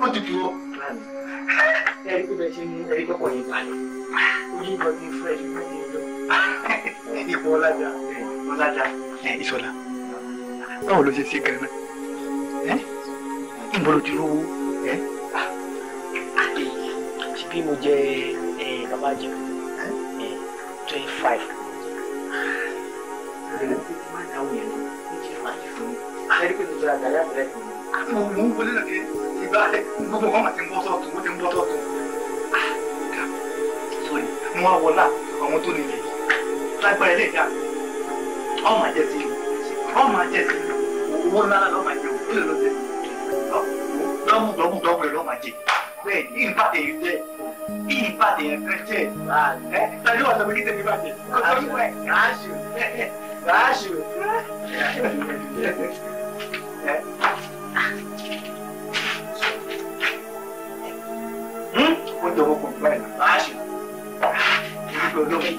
wọ́n ti dúró. ẹ̀rí pé bẹ́ẹ̀ ṣe mú ẹ̀rí kọ́kọ́ yẹn balẹ̀ ojú ìbọn ti fún ẹ̀rí pé ẹ̀rí lọ. ìbọn ọlájà ọlájà ìṣọ̀lá báwo ló ṣe ṣe gan-an ẹ́ ìbọn ló ti rówó ẹ́. bí mo jẹ bàbá jẹ twenty five ẹ̀rí pé mo jẹ àgbàlá àgbàlá. àmọ́ mo ń wọlé lọ́kẹ́ ìgbàlẹ̀ gbogbo nǹkan mà ti ń bọ́ sọ́ọ̀tún ó ah, ti ń bọ́ sọ́ọ̀tún sórí mo wá wọlá àwọn tó nílé lágbára ilé ìyá ọ máa jẹ sí ọ máa jẹ sí owó ńlá lọ máa jẹ òkúlẹ̀ ló jẹ lọ́mú lọ́mú lọ́mú ẹ̀ lọ́ máa jẹ bẹ́ẹ̀ ní ìbàdàn yìí jẹ ní ìbàdàn yẹn fẹ́ jẹ ẹ tàbí wà lọ́mọ kíkẹ́ ní ìbàdàn kò tó ń pẹ́ ráṣù ráṣù. ó jọ wọn kò fẹ́ ẹ̀ máa ṣe ìdúgbò lóhùn.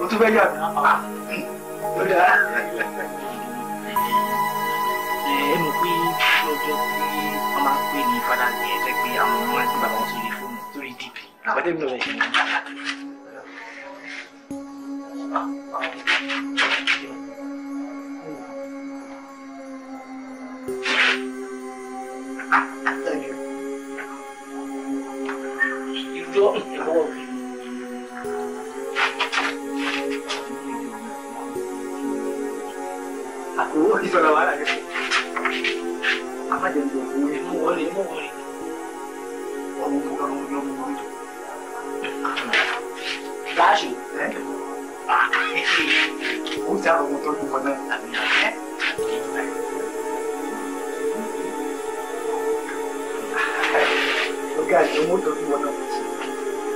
o tún fẹ́ yà mí. ó dà á. ẹ mọ̀ pé lọ́jọ́ tí wọ́n máa ń pè ní fada ní ẹ̀jẹ̀ pé àwọn ọmọ ẹgbẹ́ bàbá wọn sórí fóònù sórí dp àbọ̀dé mi ò rẹ̀ ṣe. Thank you. lọ ìwọ rẹ. àkùrọ̀ ní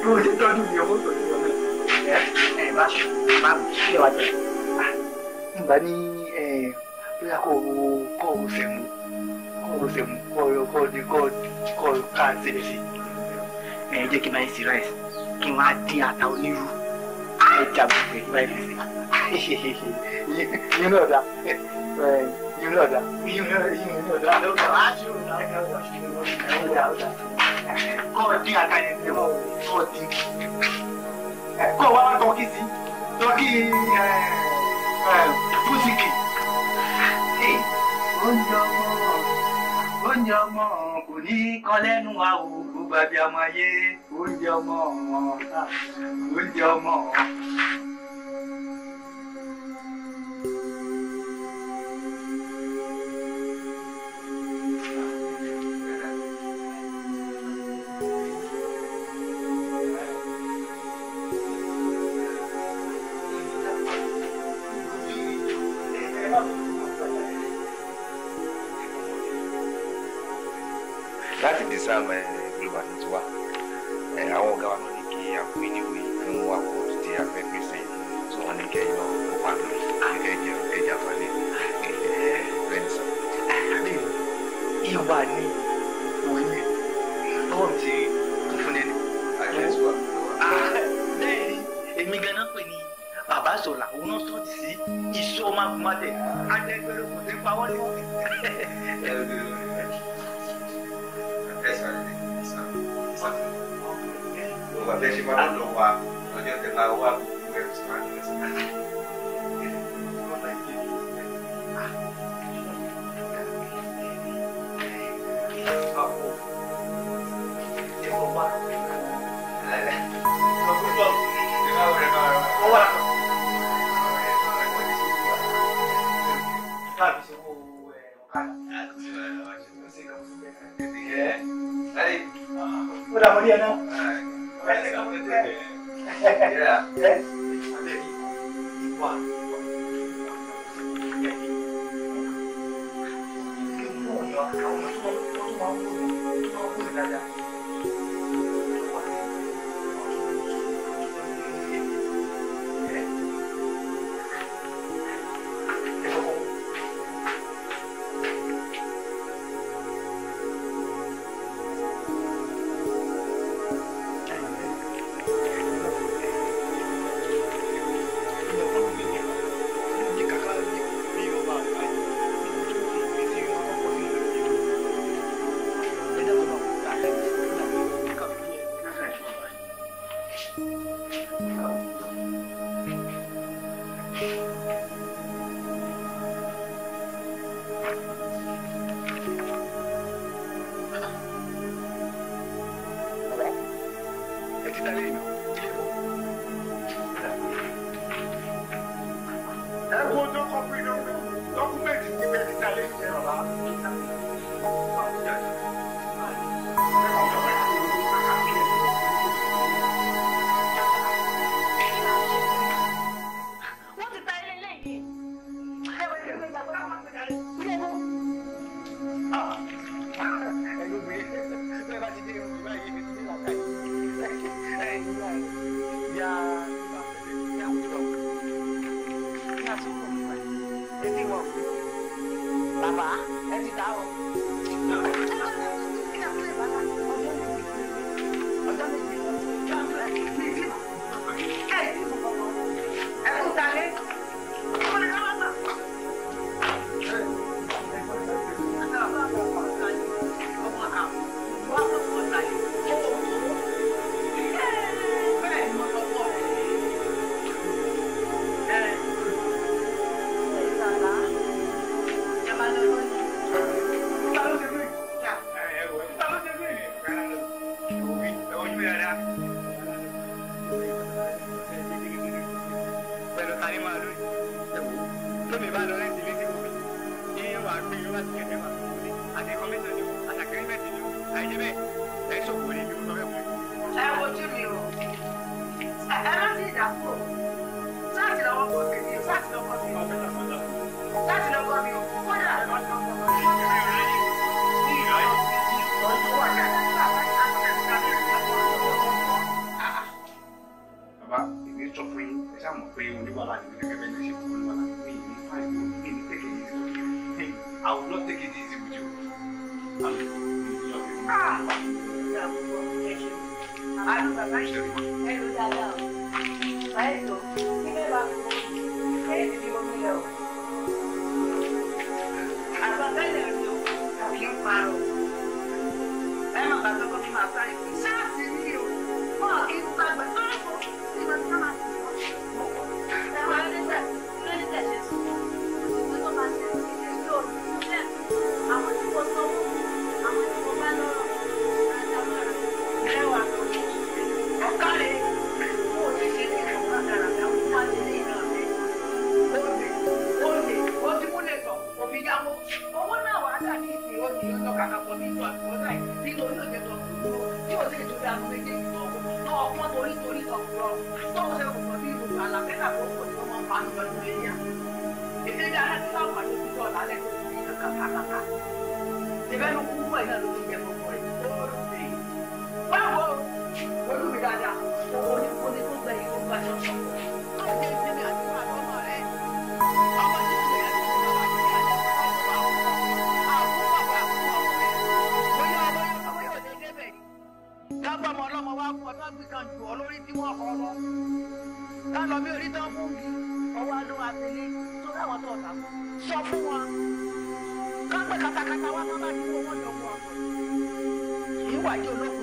bó ṣe tọ́jú mi owó tọ́jú wọn náà. ẹ ẹ bá ṣe bá ṣe wá jẹ. nígbà ní bóyá kò wo kò wo fẹ̀mú kò wo fẹ̀mú kò yọ kò ní kò kò ká sílẹ̀ sí. ẹ jẹ́ kí n máa ń sí rice kí n wá dín ata onírú ẹ jà gbogbo ẹ̀ báyìí fi kọ́ọ̀dì àtàyẹ̀dẹ̀ mọ́ kọ́ọ̀dì kọ́ wa wá tọ́kí sí tọ́kí fúsìkì. oúnjẹ ọmọ oúnjẹ ọmọ kò ní kọ́ lẹ́nu wa gbogbo àbí ọmọ ayé oúnjẹ ọmọ oúnjẹ ọmọ. sọ̀la òun náà sọ̀tì sí ìṣó magunmadẹ̀ adẹ́gbẹ́rẹ́ kò ti pawọ́ ní. Thank you. Ahora, ahora, ahora. dà wọ́n ní ẹ náà. Yeah. will not take it easy with you. Ah! Hello, Dada. Hello. Give me back. Hey, give me milk. Àbàbá ilẹ̀ ló kì í parọ́. Ẹ máa bàtọ́ kó fi máa bá ìpín. Ṣáàtì ni o. Wọ́n kì í. sì torí aago méjèèjì tó tó ọpọ́n torí torí tọkùrọ̀ tọ́wọ́ ṣe kùkọ̀ sí ìlú àlàfẹ́lá tó kù tí wọ́n máa ń pa nǹkan ní ẹ̀yà èdè bí aláàtúntà wà lójú ọ̀làlẹ̀ tó ti kàkàkàkà ìbẹ́nu kúkú ẹ̀ náà táwọn sọ fún wọn ká pé katakata wa kán bá ní owó wọn lọ́wọ́ àwọn ìwà jẹ́ olókùn.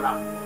감사